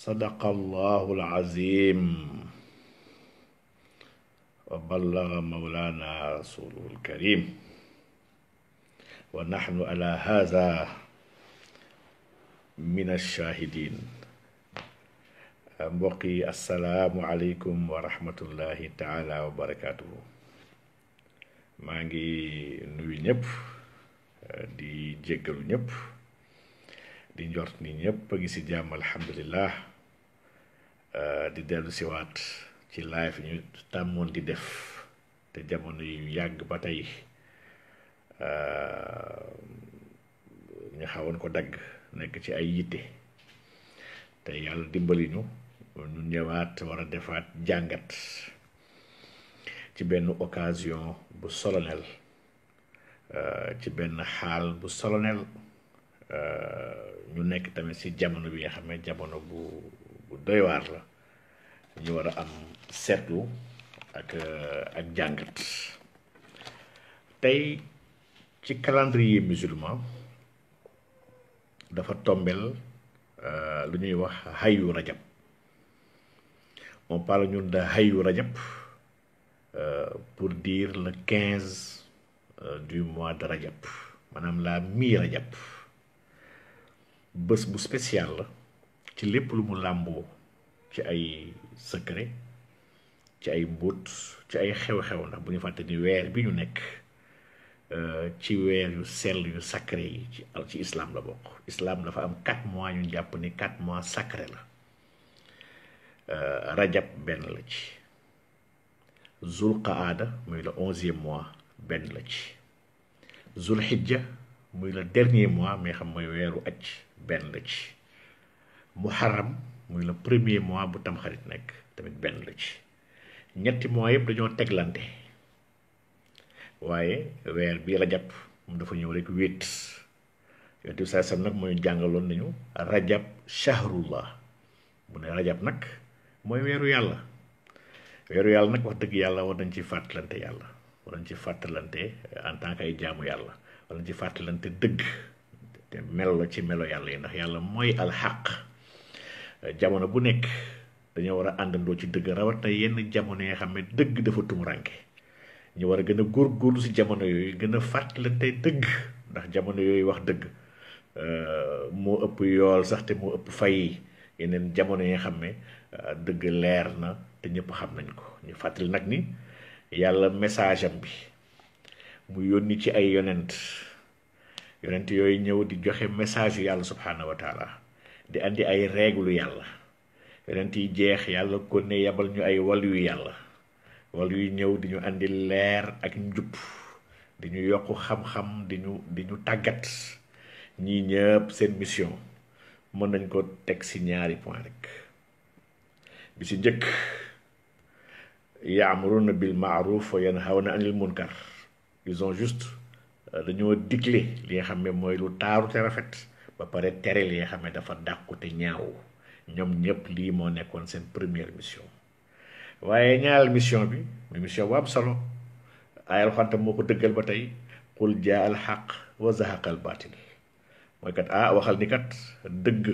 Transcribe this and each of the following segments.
sadaqallahu alazim wa ballaga mawlana rasuluhu alkarim wa naxnu ala haada min alchaahidin mbokk yi assalaamu aleykum wa rahmatullahi taala wa barakatuhu maa ngi nuyu ñëpp di jéggalu ñëpp di njort ni ñëpp a ngi si jàmm alhamdulillah Euh, di dellu siwaat ci live ñu tàmmoon di def te jamono yu yàgg ba tey euh, ñu xawoon ko dagg nekk ci ay yitte te yàlla dimbali ñu ñu ñëwaat war a defaat jàngat ci benn occasion bu solennel euh, ci benn xaal bu solennel ñu nekk tamit ci jamono bi nga xam ne jamono bu bu doy la ñu war a am seetlu ak euh, ak jàngat tey ci calendrier musulman dafa tombel euh, lu ñuy wax xayu rajab on parle ñun de xayu rajab euh, pour dire le quinze du mois de rajab maanaam la mi rajab bés bu spécial la ci lépp lu mu làmboo ci ay secret ci ay mbóot ci ay xew-xew ndax bu ñu fàtte ni weer bi ñu nekk euh, ci weer yu sell yu sacré yi ci ci islam la bokk islam dafa am quatre mois ñu jàpp ni quatre mois sacré la euh, rajab benn la ci zulqaada muy le onzième mois benn la ci zulhijja muy la dernier mois mais xam mooy weeru aj benn la ci mu muharram muy la premier mois bu tamxarit nekk tamit benn la ci ñetti mois yëpp dañoo teglante waaye weer bii rajab moom dafa ñëw rek wéet yonent bi saa nag mooy jàngaloon nañu rajab shahrullah mu ne rajab nag mooy weeru yàlla weeru yàlla nag wax dëgg yàlla war nañ ci fàttalante yàlla war nañ ci fàttalante en tant que ay jaamu yàlla war nañ ci fàttalante dëgg te melo la ci melo yàlla yi ndax yàlla mooy alxaq jamono bu nekk dañoo war a àndandoo ci dëgg rawat na yenn jamono yi xam ne dëgg dafa tumuranke ñu war a gën a góorgóorlu si jamono yooyu gën a fàttalante dëgg ndax jamono yooyu wax dëgg euh, moo ëpp yool sax te moo ëpp fay yeneen jamono yi xam ne euh, dëgg leer na te ñëpp xam nañ ko ñu fàttali nag ni yàlla message bi mu yónni ci ay yonent yonent yooyu ñëw di joxe message yu yàlla subhaanahu wa di andi ay règlu yàlla yonent jeex yàlla ko ne yabal ñu ay wal yu yàlla wal yu ñëw di ñu andi leer ak njub di ñu yokk xam-xam di ñu di ñu tàggat ñii ñëpp seen mission mën nañ ko teg ci ñaari point rek bi ci njëkk yaamuruna bil maaruf wa yanhawna anil munkar ils ont juste euh, dañoo digle li nga xam ne mooy lu taaru te rafet ba pare tere li nga xam ne dafa dàqu te ñaaw ñoom ñëpp lii moo nekkoon seen première mission waaye ñaaral mission bi mu mission bu am solo ay alxante moo ko dëggal ba tey qul jaa al xaq wa zahaqa al batil mooy kat ah waxal ni kat dëgg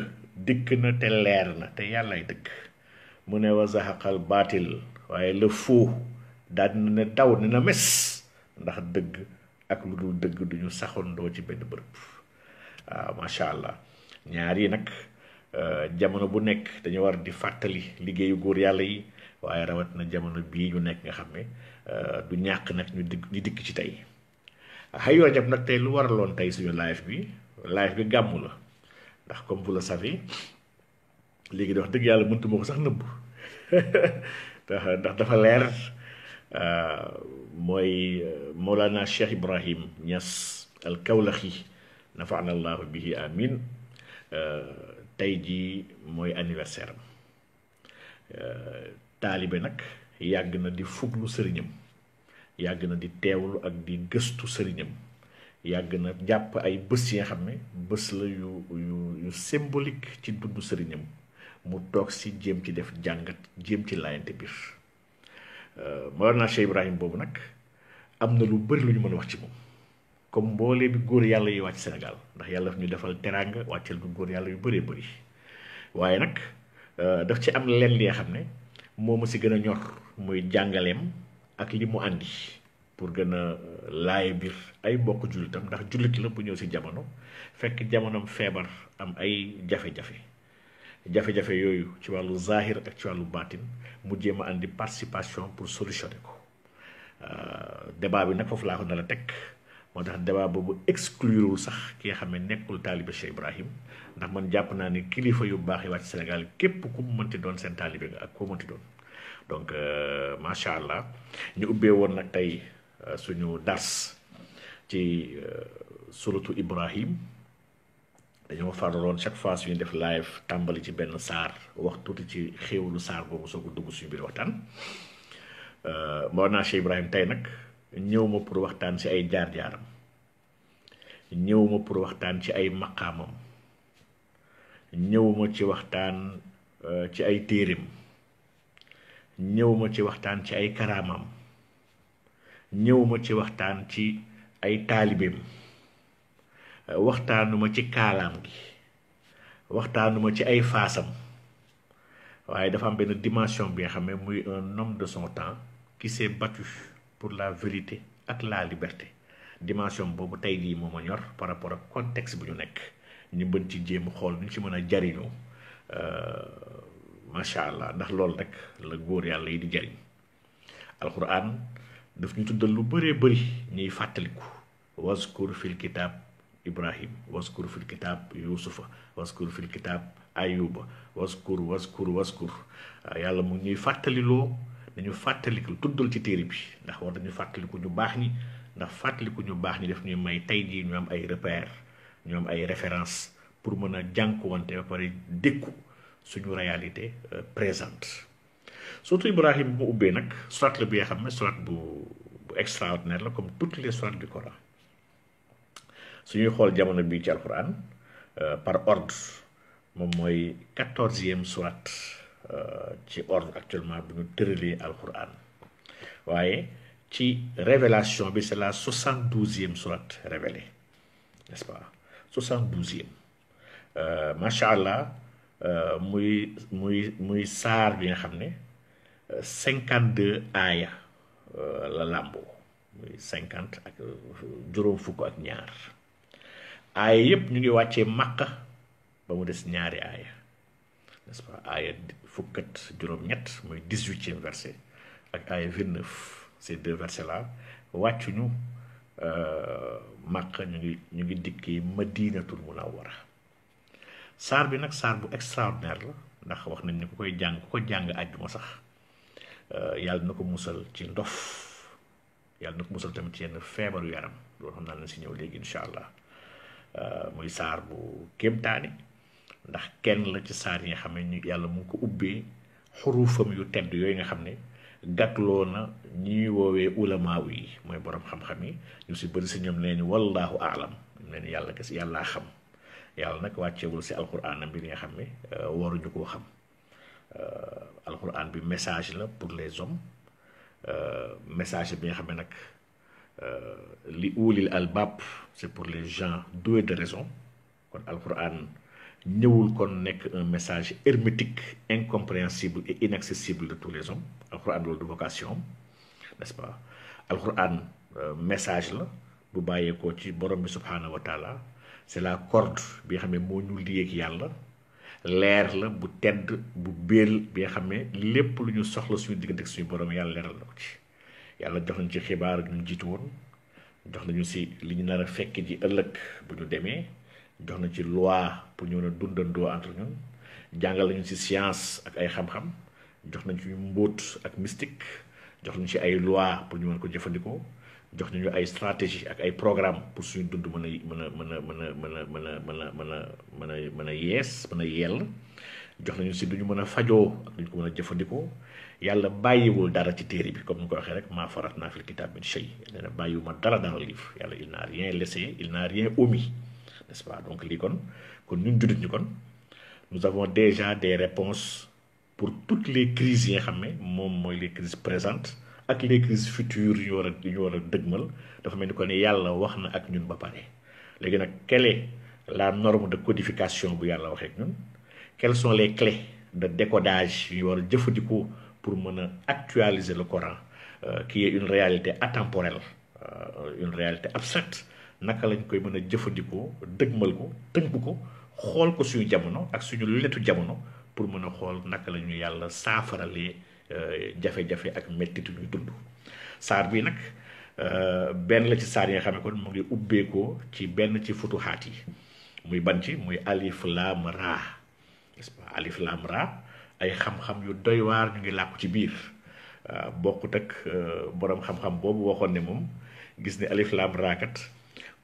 dikk na te leer na te yàllaay dëgg mu ne wa zahaqa al batil waaye le faux daal dina ne daw dina mes ndax dëgg ak lu dul dëgg duñu saxandoo ci benn bërëb waaw ah, macha allah ñaar yi nag ah, jamono bu nekk dañu war di fàttali liggéeyu góor yàlla yi waaye rawat na jamono bii ñu nekk nga xam ne ah, du ñàq nag ñu digg ñu dikk ci tey Hayu Rajab nag tey lu waraloon tey suñu live bi live bi gàmmu la ndax comme vous le savez léegi di dëgg yàlla mëntuma ko sax nëbb ndax dafa leer mooy Mawlana Cheikh Ibrahim ñas al Kawlaxi nafaana allahu bihi amin eh, tey jii mooy anniversaire am eh, taalibe nag yàgg na di fuglu sëriñam yàgg na di teewlu ak di gëstu sëriñam yàgg na jàpp ay bés yi nga xam ne bés la yu yu symbolique ci dudd sëriñam mu toog si jéem ci def jàngat jéem ci laayante biir eh, Mawlana Cheikh Ibrahim boobu nag am na lu bëri lu ñu mën a wax ci moom comme mboolee bi góor yàlla yi wàcc Sénégal ndax yàlla daf ñu defal teraanga wàcceel ko góor yàlla yu bëree bëri waaye nag euh, daf ci am lenn li nga xam ne moo ma si gën a ñor muy jàngaleem ak li mu àndi pour gën a euh, laaye biir ay mbokk jullitam ndax jullit la bu ñëw si jamono fekk jamonoom feebar am ay jafe-jafe jafe-jafe yooyu ci wàllu zahir ak ci wàllu baatin mu jéem a àndi participation pour solutionner ko euh, débat bi nag foofu laa ko na la teg moo tax débat boobu exclurewul sax ki nga xam ne nekkul taalibe Cheikh Ibrahim ndax man jàpp naa ne kilifa yu baax yi wàcc Sénégal képp ku mu mënti doon seen taalibe nga ak ku mënti doon donc euh, macha allah ñu ubbee woon nag tey euh, suñu dars ci euh, suratu Ibrahim dañoo faraloon chaque fois suñu def live tàmbali ci benn saar wax tuuti ci xéewalu saar boobu soo ko dugg suñu biir waxtaan moo naa Cheikh Ibrahim tey nag. ñëw ma pour waxtaan ci ay jaar-jaaram ñëw ma pour waxtaan ci ay maqaamam ñëwuma euh, ci waxtaan ci ay téerim ñëw ci waxtaan ci ay karaamam ñëw ci waxtaan ci ay taalibeem euh, waxtaanuma ci kaalaam gi waxtaanuma ci ay faasam waaye dafa am benn dimension bi nga xam ne muy un homme de son temps qui s'est battu pour la vérité ak la liberté dimension boobu tey jii moom a ñor par rapport ak contexte bu ñu nekk ñu bën ci jéem xool nu ñu ci mën a jariñu euh, macha allah ndax loolu rek la góor yàlla yi di jariñ alquran daf ñu tuddal lu bëree bari ñuy fàttaliku waskur fil kitab ibrahim waskur fil kitab yusufa waskur fil kitab ayuba waskur waskur waskur euh, yàlla mu ñuy fàttaliloo dañu fàttaliku tuddal ci téere bi ndax war nañu fàttaliku ñu baax ñi ndax fàttaliku ñu baax ñi def ñu may tey jii ñu am ay repère ñu am ay référence pour mën a jànkuwante ba pare dékku suñu réalité euh, présente surtout Ibrahima bu mu ubbee nag sourate la bi nga xam ne sourate bu bu extraordinaire la comme toutes les sourates du Coran suñuy xool jamono bii ci alquran euh, par ordre moom mooy quatorzième sourate Euh, ci ordre actuellement bi ñu tëralee alquran waaye ci révélation bi c'est la soixante douzième sourate révélée n'est-ce pas soixante douzième euh, macha allah euh, muy muy muy saar bi nga xam ne cinquante deux aaya la làmboo muy cinquante ak juróom fukk ak ñaar aaya yépp ñu ngi wàccee Makka ba mu des ñaari aaya n'est-ce pas aaya fukk ak juróom-ñett muy dix-huitième verset ak aaya vingt-neuf ces deux versets là wàccuñu euh, màq ñu ngi ñu ngi dikkee madinatul munawwara saar bi nag saar bu extraordinaire la ndax wax nañ ne ku koy jàng ku ko jàng àjjuma sax euh, yàlla na ko musal ci ndof yàlla na ko musal tamit ci yenn feebaru yaram loolu xam naa ne si ñëw léegi incha allah euh, muy saar bu kéemtaani ndax kenn la ci saar yi nga xam ne yàlla mu ngi ko ubbee xurufam yu tedd yooyu nga xam ne gàttaloo na ñuy woowee ulamaaw yi mooy borom xam-xam yi ñu si bëri si ñoom nee ñu wallaahu aalam nee ñu yàlla kese yàllaa xam yàlla nag wàccewul si alquran mbir yi nga xam ne euh, waruñu koo xam euh, alquran bi message la pour les hommes euh, message bi nga xam ne nag li uulil albab c'est pour les gens doués de raison kon alquran. ñëwul kon nekk un message hermétique incompréhensible et inaccessible de tous les hommes alxuraan loolu du vocation am n'est-ce pas alxuraan euh, message la bu bàyyeekoo ci borom bi subhaanahu wa taala c'est la corde bi nga xam ne moo ñu liyeeg yàlla leer la bu tedd bu béel bi nga xam ne lépp lu ñu soxla suñu diggante ak suñu borom yàlla leeral na ko ci yàlla jox nañ ci xibaar ñu jiitu woon jox nañu si li ñu nar a fekk ji ëllëg bu ñu demee jox nañ ci loi. pour ñu mën a dundandoo entre ñun jàngal nañu ci science ak ay xam-xam jox nañ ci mbóot ak mystique jox nañu ay loi pour ñu ko jëfandikoo jox nañu ay stratégie ak ay programme pour suñu dund mën a mën a mën a mën a mën a mën a mën a mën a mën a yees mën a yell jox nañu si duñu mën a fajoo ak duñ ko mën a jëfandikoo yàlla bàyyiwul dara ci téere bi comme ni ko waxee rek maa farat naa fil kitaab min shay nee na bàyyiwuma dara dans le livre yàlla il n'a rien laissé il n'a rien omis nest pas donc lii kon kon ñun jullit ñu kon nous avons déjà des réponse pour toutes les crises yi nga xam ne moom mooy les crises présentes ak les crises futures yu ñu war a yu ñu dëgmal dafa mel ni kon yàlla wax na ak ñun ba pare léegi nag quelle la norme de codification bu yàlla waxee ak ñun quelles sont les clés de décodage yu ñu war a jëfandikoo pour mën a actualiser le Coran euh, qui est une réalité atemporelle euh, une réalité abstraite naka lañ koy mën a jëfandikoo dëgmal ko tënk ko. xool ko suñu jamono ak suñu letu jamono pour mën a xool naka la ñu yàlla saafaralee euh, jafe-jafe ak mettitu ñuy dund saar bii nag euh, benn la ci saar yi nga xam ne kon mu ngi ubbeekoo ci benn ci futuhaat yi muy ban muy alif laam alif laam ay xam-xam yu doy waar ñu ngi làkku ci biir euh, bokkut ak boroom xam-xam boobu waxoon ne moom gis ne alif laam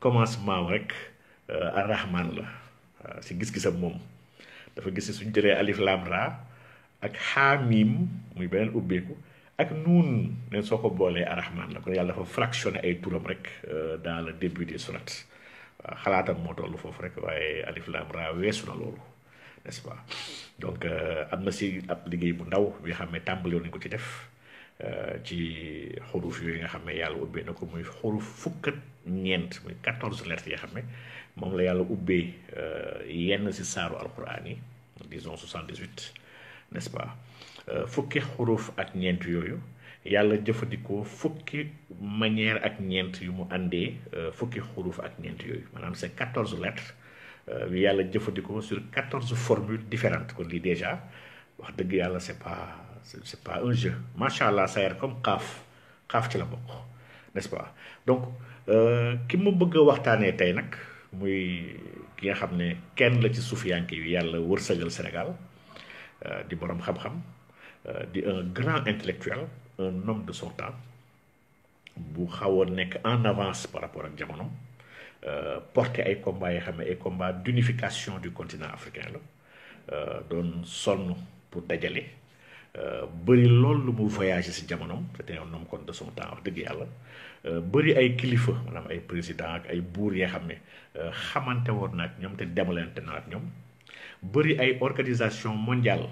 commencement rek arrahman la Euh, si gis gisab moom dafa gis ne suñ jëlee alif lam ra ak xaamim muy beneen ubbeeku ak nuun neen soo ko boolee arrahman la ko yàlla dafa fractionné ay turam rek euh, dans le début des sourates waaw xalaatam moo toll foofu rek waaye alif lam ra weesu na loolu n'est-ce donc euh, am na si ab liggéey bu ndaw bi nga xam ne tàmbali woon ko ci def Euh, ci xuruf yooyu nga xam ne yàlla ubbee na ko muy xuruf fukk ñeent muy quatorze lettres yi nga xam ne moom la yàlla ubbee euh, yenn si saaru alquran yi disons soixante dix huit nest pas euh, fukki xuruf ak ñeent yooyu yàlla jëfandikoo fukki manière ak ñeent yu mu àndee fukki xuruf ak ñeent yooyu maanaam c'est quatorze lettres yu yàlla jëfandikoo sur quatorze formules différentes kon lii déjà wax dëgg yàlla c'est pas c' est pas un jeu macha allah sayer comme xaaf xaaf ci la bokk n' ce pas donc euh, ki ma bëgg a waxtaanee tey nag muy ki nga xam ne kenn la ci suufiyanke yu yàlla wërsëgal Sénégal euh, di boroom xam-xam euh, di un grand intellectuel un homme de son temps bu xaw a nekk en avance par rapport ak jamonom porter ay combats yoo xam ne ay combats d' unification du continent africain la doon sonn pour dajale. Euh, bëri lool lu mu voyagé si jamonoom c'était un homme kon de son temps wax dëgg yàlla euh, bëri ay kilifa maanaam ay président ak ay buur yoo xam ne euh, xamante woon na ñoom te demalante na ak ñoom bëri ay organisation mondiale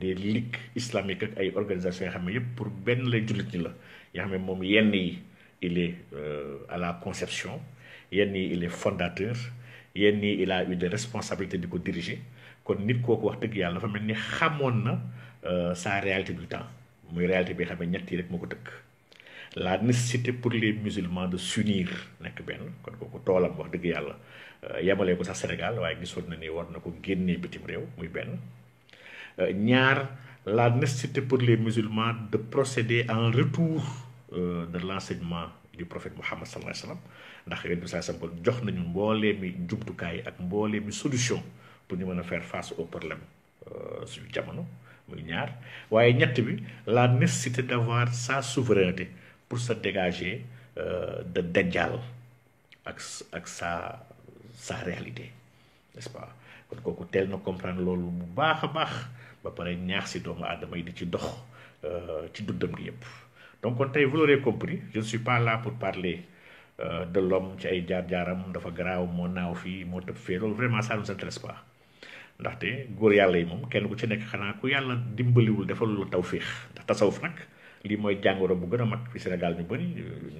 des ligues islamiques ak ay organisations yoo xam ne yëpp pour benn lay jullit ñi la yoo xam ne moom yenn yi il e à la conception yenn yi il est fondateur yenn yi il a eu des responsabilités di ko diriger kon nit kooku wax dëgg yàlla dafa mel ni xamoon na Euh, sans réalité du temps muy réalité bi xam ne ñett yi rek moo ko dëkk la nécessité pour les musulmans de s'unir nekk benn kon kooku toolam wax dëgg yàlla euh, yemalee ko sax Sénégal waaye gisoon na ni war na ko génnee bitim réew muy benn euh, ñaar la nécessité pour les musulmans de procéder en un retour de l'enseignement du prophète Muhammad sallallahu alayhi wa sallam ndax yonent bi sallallahu jox nañu mboolee mi jumtukaay ak mboolee mi solution pour ñu mën a faire face au problème suñu jamono muy ñaar waaye ñett bi la nécessité d'avoir sa souveraineté pour se dégager euh, de Dajjal ak ak sa sa réalité n'est-ce pas kon kooku teel na comprendre loolu bu baax a baax ba pare ñaax si doomu aadama yi di ci dox euh, ci dundam gi yëpp donc kon tey vous l'aurez compris je ne suis pas là pour parler euh, de l'homme ci ay jaar-jaaram dafa garaaw moo naaw fii moo tëb fee loolu vraiment ça ne nous intéresse ndaxte góor yàlla yi moom kenn ku ci nekk xanaa ku yàlla dimbaliwul defal la tawfiix ndax tasawuf nag lii mooy jàngoro bu gën a mag fi Sénégal ñu bëri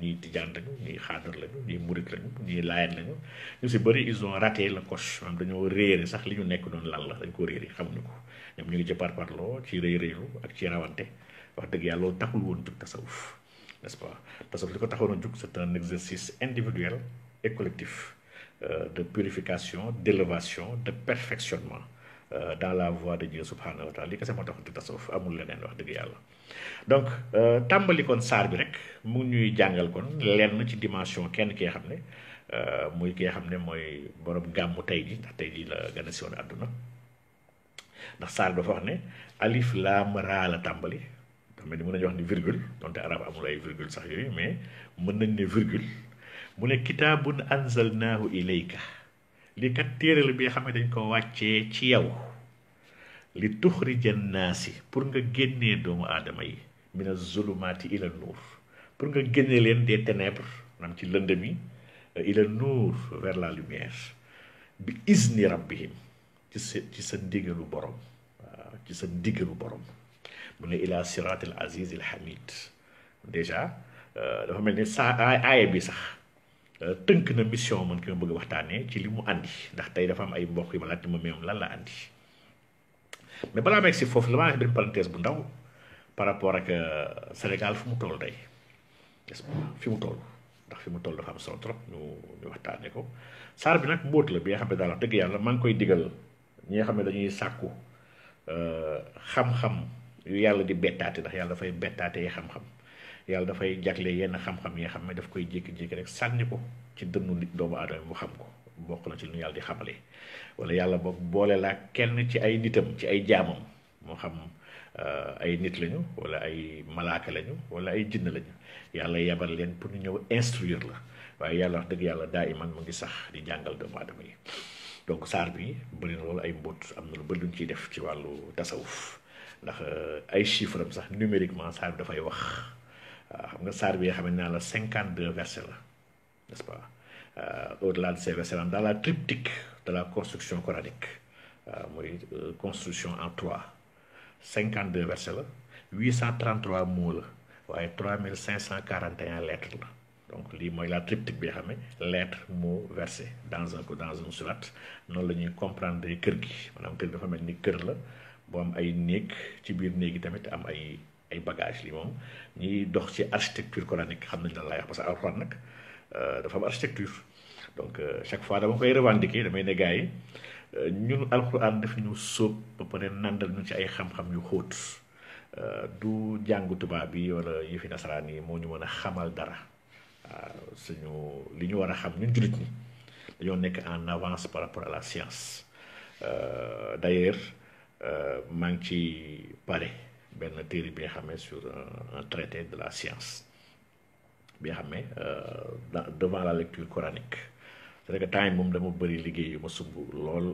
ñii tijaan lañu ñii xaadar lañu ñii murit lañu ñii laayeen lañu ñu si bëri ils ont raté la coche maanaam dañoo réere sax li ñu nekk noonu lan la dañ ko réere xamuñu ko ñoom ñu ngi ci parparloo ci rëy rëylu ak ci rawante wax dëgg yàlla taxul woon jug tasawuf n'est-ce tasawuf li ko taxoon a jug c'est Euh, de purification d'élévation de perfectionnement euh, dans la voie de Dieu subhanahu wa taala li kese moo tax di tasawuf amul leneen wax dëgg yàlla donc euh, tàmbali kon saar bi rek mu ñuy jàngal kon lenn ci dimension kenn kee xam ne muy kee xam ne mooy borom gàmmu tey ji ndax tey ji la gën a siwoon àdduna ndax saar bi dafa wax ne alif laam raa la tàmbali dax mel ni mën nañu wax ni virgule donte arab amul ay virgule sax yooyu mais mën nañ ne virgule mu ne kitaabun anzalnaahu ilayka li kat téere la bi nga xam ne dañ ko wàccee ci yow li tuxrija naasi pour nga génnee doomu aadama yi mina zulumaati ila nuur pour nga génnee leen des ténèbres maanaam ci lëndëm yi euh, ila nuur vers la lumière bi izni rabbihim ci sa ci sa ndigalu borom ci sa ndigalu borom mu ne ila siraat aziz al déjà euh, dafa mel ni sa aaya bi sax tënk na mission man ki ma bëgg waxtaanee ci li mu àndi ndax tey dafa am ay mbokk yi ma laaj ma meewam lan la àndi mais balaa meeg si foofu la maa benn bu ndaw par rapport ak euh, Sénégal fi mu toll tey fi mu toll ndax fi mu toll dafa trop ñu ñu ko saar bi nag mbóot la bi nga xam ne daal wax dëgg yàlla man koy digal ñi nga xam ne dañuy sàkku euh, xam-xam yu yàlla di bettaate ndax yàlla dafay bettaate yi xam-xam. yàlla dafay jagle yenn xam-xam yi nga xam ne daf koy jékki-jékki rek sànni ko ci dënnu nit doomu aadama bu xam ko bokk na ci lu yàlla di xamale wala yàlla boog boole laa kenn ci ay nitam ci ay jaamam moo xam euh, ay nit lañu wala ay malaaka lañu wala ay jinn lañu yàlla yabal leen pour ñu ñëw instruire la waaye yàlla wax dëgg yàlla daa iman mu ngi sax di jàngal doomu aadama yi donc saar bi bëri na loolu ay mbóot am na lu bëri luñ ciy def ci wàllu tasawuf ndax euh, ay chiffres sax numériquement saar dafay wax. waaw euh, xam nga saar bi nga xamante naa la cinquante deux versets la n'est-ce pas euh, au-delà de ces versets la triptyque de la construction coranique waaw euh, mooy en trois cinquante deux versets la huit cent waaye trois mille cinq cent quarante et un lettres la donc lii mooy la triptyque bi nga xam ne lettre mot verset dans un dans une sourate noonu la ñuy comprendre kër gi maanaam kër gi dafa mel ni kër la boo am ay néeg ci biir néegi tamit am ay. ay bagages lii moom ñiy dox ci architecture coranique xam nañ lan laay wax parce que alxuraan nag euh, dafa am architecture donc euh, chaque fois dama koy revendiquer damay ne yi euh, ñun alxuraan daf ñu sóob ba pare nàndal ñu ci ay xam-xam yu xóot du jàngu tubaab bi wala yëfi nasaraan yi moo ñu mën a xamal dara waaw suñu li ñu war a xam ñun jullit ñi dañoo nekk en avance par rapport à la science d'ailleurs maa ngi ci pare. benn téere bi nga xamee sur euh, un traité de la science bi nga xamee euh, devant la lecture coranique c'est que temps moom dama bëri liggéey yu ma sumb lool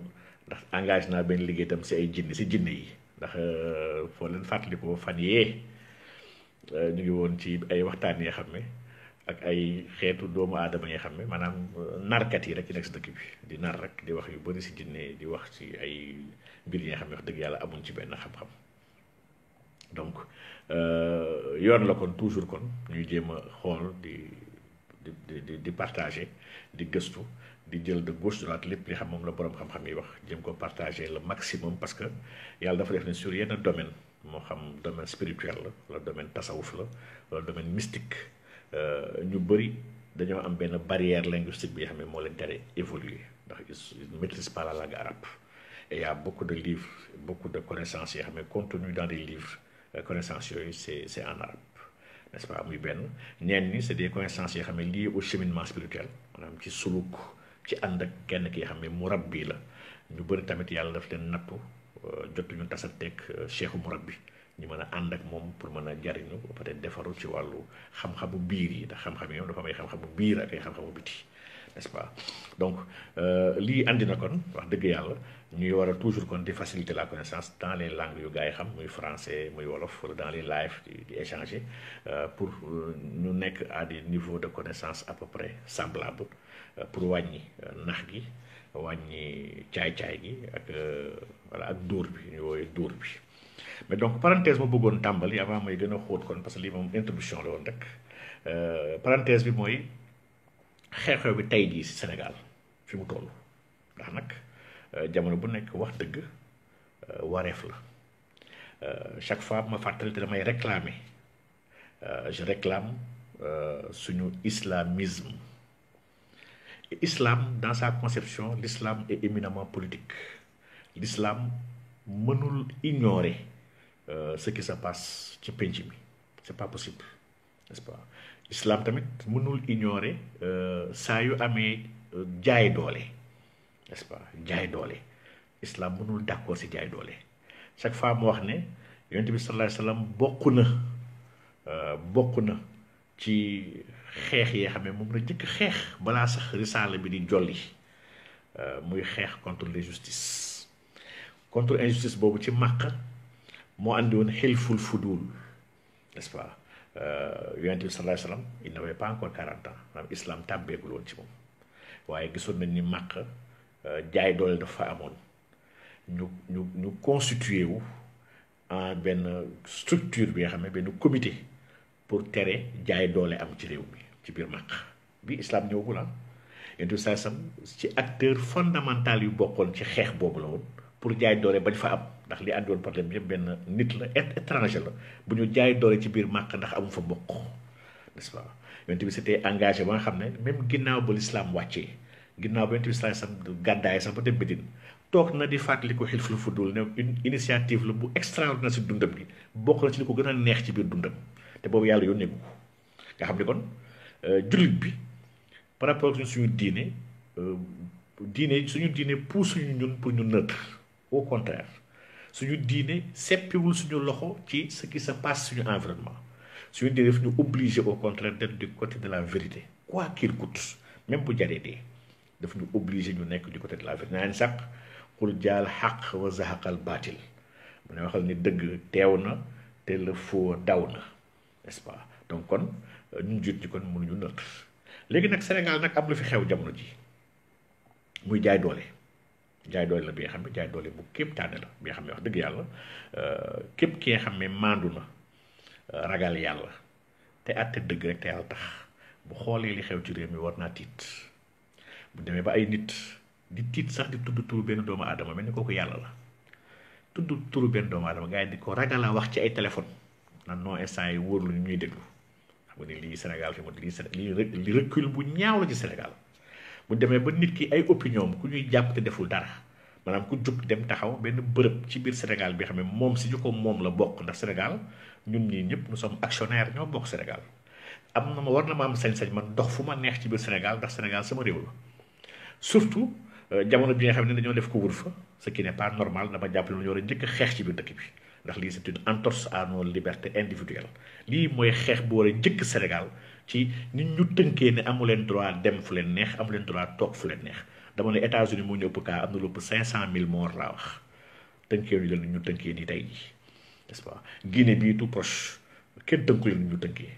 ndax engagé naa benn liggéey itam si ay jinne si jinne yi ndax euh, foo leen fàttalikoo fan yee ñu ngi woon ci ay waxtaan yi xam ne ak ay xeetu doomu aadama yi xam ne maanaam narkat yi rek ci nekk si dëkk bi di nar rek di wax yu bëri si jinne di wax si ay mbir yi nga xam ne wax dëgg yàlla amuñ ci benn xam-xam donc euh, yoon la kon toujours kon ñu jéem a xool di di di di partager di gëstu di jël de gauche droite lépp li xam moom la borom xam-xam yi wax jéem ko partager le maximum parce que yàlla dafa def ne sur yenn domaine moo xam domaine spirituel la wala domaine tasawuf la wala domaine mystique euh, ñu bëri dañoo am benn barrière linguistique bi nga xam ne moo leen tere évoluer ndax ils ne maîtrisent arab la langue arabe de livres beaucoup de connaissances yoo xam ne contenues dans des Euh, connaissances yooyu c'est c'est en arabe n'est-ce pas muy benn ñeen ni c'est des connaissances yoo xam ne liées au cheminement spirituel maanaam ci suluk ci ànd ak kenn ki xam ne bii la ñu bëri tamit yàlla daf leen napp euh, jotuñu tasanteeg euh, cheikhu bi ñu mën a ànd ak moom pour mën a jariñu peut-être defaru ci wàllu xam-xamu biir yi ndax xam-xam yi moom xam-xamu biir ak ay xam-xamu biti n'est-ce pas donc lii andi na kon wax dëgg yàlla ñuy war a toujours kon di facilité la connaissance dans les langues yu gars yi xam muy français muy wolof wala dans les live di échanger euh, pour euh, ñu nekk à des niveaux de connaissance à peu près semblable euh, pour wàññi nax gi wàññi caay-caay gi ak voilà ak dóor bi ñu woowee dóor bi mais donc parenthèse ma bëggoon tàmbali avant may gën a xóot kon parce que li moom introduction la woon rek parenthèse bi mooy xew-xew bi tey jii si Sénégal fi mu toll ndax nag Euh, jamono bu nekk wax dëgg euh, wareef la euh, chaque fois ma fàttali te damay réclamer je réclame suñu islamisme islam dans sa conception l'islam est éminemment politique l'islam mënul ignorer ce qui se passe ci penc mi c'est pas possible nest tamit mënul ignorer saa yu amee jaay doole n'est-ce pas jaay doole islaam mënul d'accord ci jaay doole chaque fois mu wax ne yonent bi sallallahu alayhi wa sallam bokk na euh, bokk na ci xeex yi xam ne moom la njëkk xeex balaa sax risaala bi di jolli euh, muy xeex contre l'injustice contre injustice boobu ci màq moo indi woon xilful fudul n'est-ce pas euh, yonent bi sallallahu alayhi wa sallam il n'avait pas encore 40 ans maanaam tàbbeegul woon ci moom waaye gisoon nañ ni màq. Euh, jaay doole dafa fa amoon ñu ñu ñu constitué wu en benn structure bi nga xam ne benn comité pour tere jaay doole am ci réew mi ci biir màq bi islam ñëwagul ah yentu saa sam ci acteur fondamental yu bokkoon ci xeex boobu la woon pour jaay doole bañ fa am ndax li àndoon problème yëpp benn nit la étranger la bu ñu jaay doole ci biir màq ndax amu fa mbokk n'est-ce pas yonent bi c'était engagé ba nga xam ne même ginnaaw ba l'islam wàccee ginnaaw ba yonent bi salaay sax gàddaay sax ba dem Medine toog na di fàttali ko xilful fudul ne une initiative la bu extraordinaire si dundam boo bokk na ci li ko gën a neex ci biir dundam te boobu yàlla yónnee ko nga xam ne kon euh, jullit bi par rapport ak suñu diine euh, diine suñu diine pour suñu ñun pour ñu neutre au contraire suñu diine seppiwul suñu loxo ci ce qui sa passe suñu environnement suñu diine daf ñu obligé au contraire d'être du côté de la vérité quoi qu'il coûte même bu jaree daf ñu obligé ñu nekk du côté de la vérité naan sax xul jaal xaq wa zahaqal baatil mu ne waxal ni dëgg teew na te la faux daw na n'est-ce donc kon euh, ñun jiit ñi kon mënuñu nëtt léegi nag Sénégal nag am lu fi xew jamono ji muy jaay doole jaay doole la bi nga xam ne jaay doole bu képp tànne la bi nga xam ne wax dëgg yàlla euh, képp ki nga xam ne maandu na euh, ragal yàlla te àtte dëgg rek te yàlla tax bu xoolee li xew ci réew mi war naa tiit. bu demee ba ay nit di tiit sax di tudd turu benn doomu aadama mel ni kooku yàlla la tudd turu benn doomu aadama gars yi di ko ragalaa wax ci ay téléphone nan non instant yi wóorul ñuy déglu xam nga ni lii Sénégal fi mu lii lii li recul bu ñaaw ci Sénégal bu demee ba nit ki ay opinion ku ñuy jàpp te deful dara maanaam ku jug dem taxaw benn bërëb ci biir Sénégal bi xam ne moom si ñu ko moom la bokk ndax Sénégal ñun ñii ñëpp nous sommes actionnaires ñoo bokk Sénégal am na ma war na ma am sañ-sañ ma dox fu ma neex ci biir Sénégal ndax Sénégal sama réew la surtout euh, jamono bi nga xam ne dañoo def ko wër fa ce qui n'est pas normal dama jàpp ne ñu war a njëkk xeex ci biir dëkk bi ndax lii c'est en entorse à nos libertés individuelles lii mooy xeex bu war a njëkk Sénégal ci nit ñu tënkee ne amu leen droit dem fu leen neex amu leen droit toog fu leen neex dama ne États-Unis moo ñu ëpp kaa am na lu ëpp 500000 morts laa wax tënkee ñu leen ñu tënkee ni tey jii n'est-ce pas Guinée bii tout proche kenn tënku leen ñu tënkee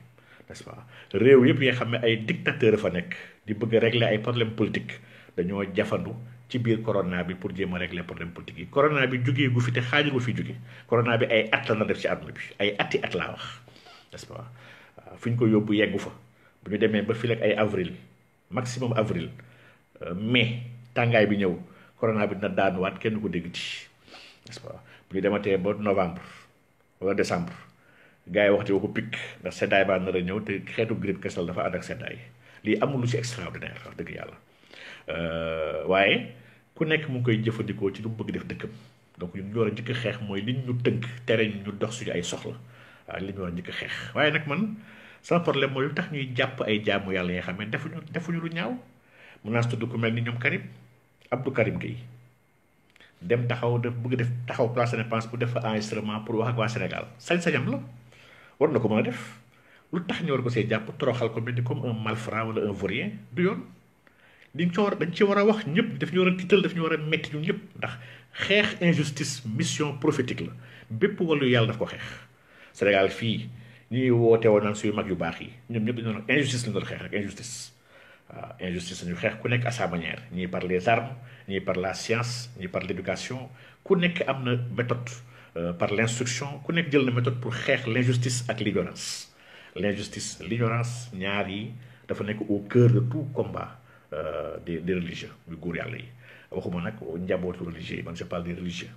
n'est-ce pas réew yëpp yi xam ne ay dictateurs fa nekk di bëgg a régler ay problèmes politiques. dañoo jafandu ci biir corona bi pour jéem a régler problème politique yi corona bi jugee gu fi te xaaju gu fi jugee corona bi ay at la na def ci àdduna bi ay ati at laa wax n'est-ce pas waaw ah, fi ñu ko yóbbu yeggu fa bu ñu demee ba fii ak ay avril maximum avril euh, mai tàngaay bi ñëw corona bi dina daanuwaat kenn ko dégg ci n'est-ce pas bu ñu dematee ba novembre wala décembre gaa yi waxte ko pic ndax seddaay baa nar a ñëw te xeetu grippe kesal dafa ànd ak seddaay lii amul lu ci extraordinaire wax dëgg yàlla. Euh, waaye ku nekk mu koy jëfandikoo ci lu mu bëgg def dëkkam donc ñun ñu war a njëkk xeex mooy liñ ñu tënk tere ñu dox suñu ay soxla waaw li ñu war a njëkk xeex waaye nag man sama problème mooy lu tax ñuy jàpp ay jaamu yàlla yi nga xam ne defuñu defuñu lu ñaaw mun naa tudd ku mel ni ñoom Karim Abdou Karim dem taxaw def bëgg def taxaw place Défense bu def fa enregistrement pour wax ak waa sañ-sañam la war na ko mën def lu tax ñu war ko see jàpp toroxal ko mel ni comme un malfrat wala un vorier du yoon. diñ ko war dañ ci war a wax ñëpp daf ñu war a tiital daf ñu war a metti ñu ñëpp ndax xeex injustice mission prophétique la bépp wallu yàlla daf ko xeex Sénégal fii ñuy woote woon naan suy mag yu baax yi ñoom ñëpp dañu doon injustice lañu doon xeex rek injustice waaw injustice lañu xeex ku nekk à sa manière ñii par les armes ñii par la science ñii par l'éducation ku nekk am na métode euh, par l'instruction ku nekk jël na métode pour xeex l'injustice ak l'ignorance l'injustice l'ignorance ñaar yi dafa nekk au cœur Euh, des des religieux muy góor yàlla yi waxuma nag njabootu religieux yi man je parle des religieux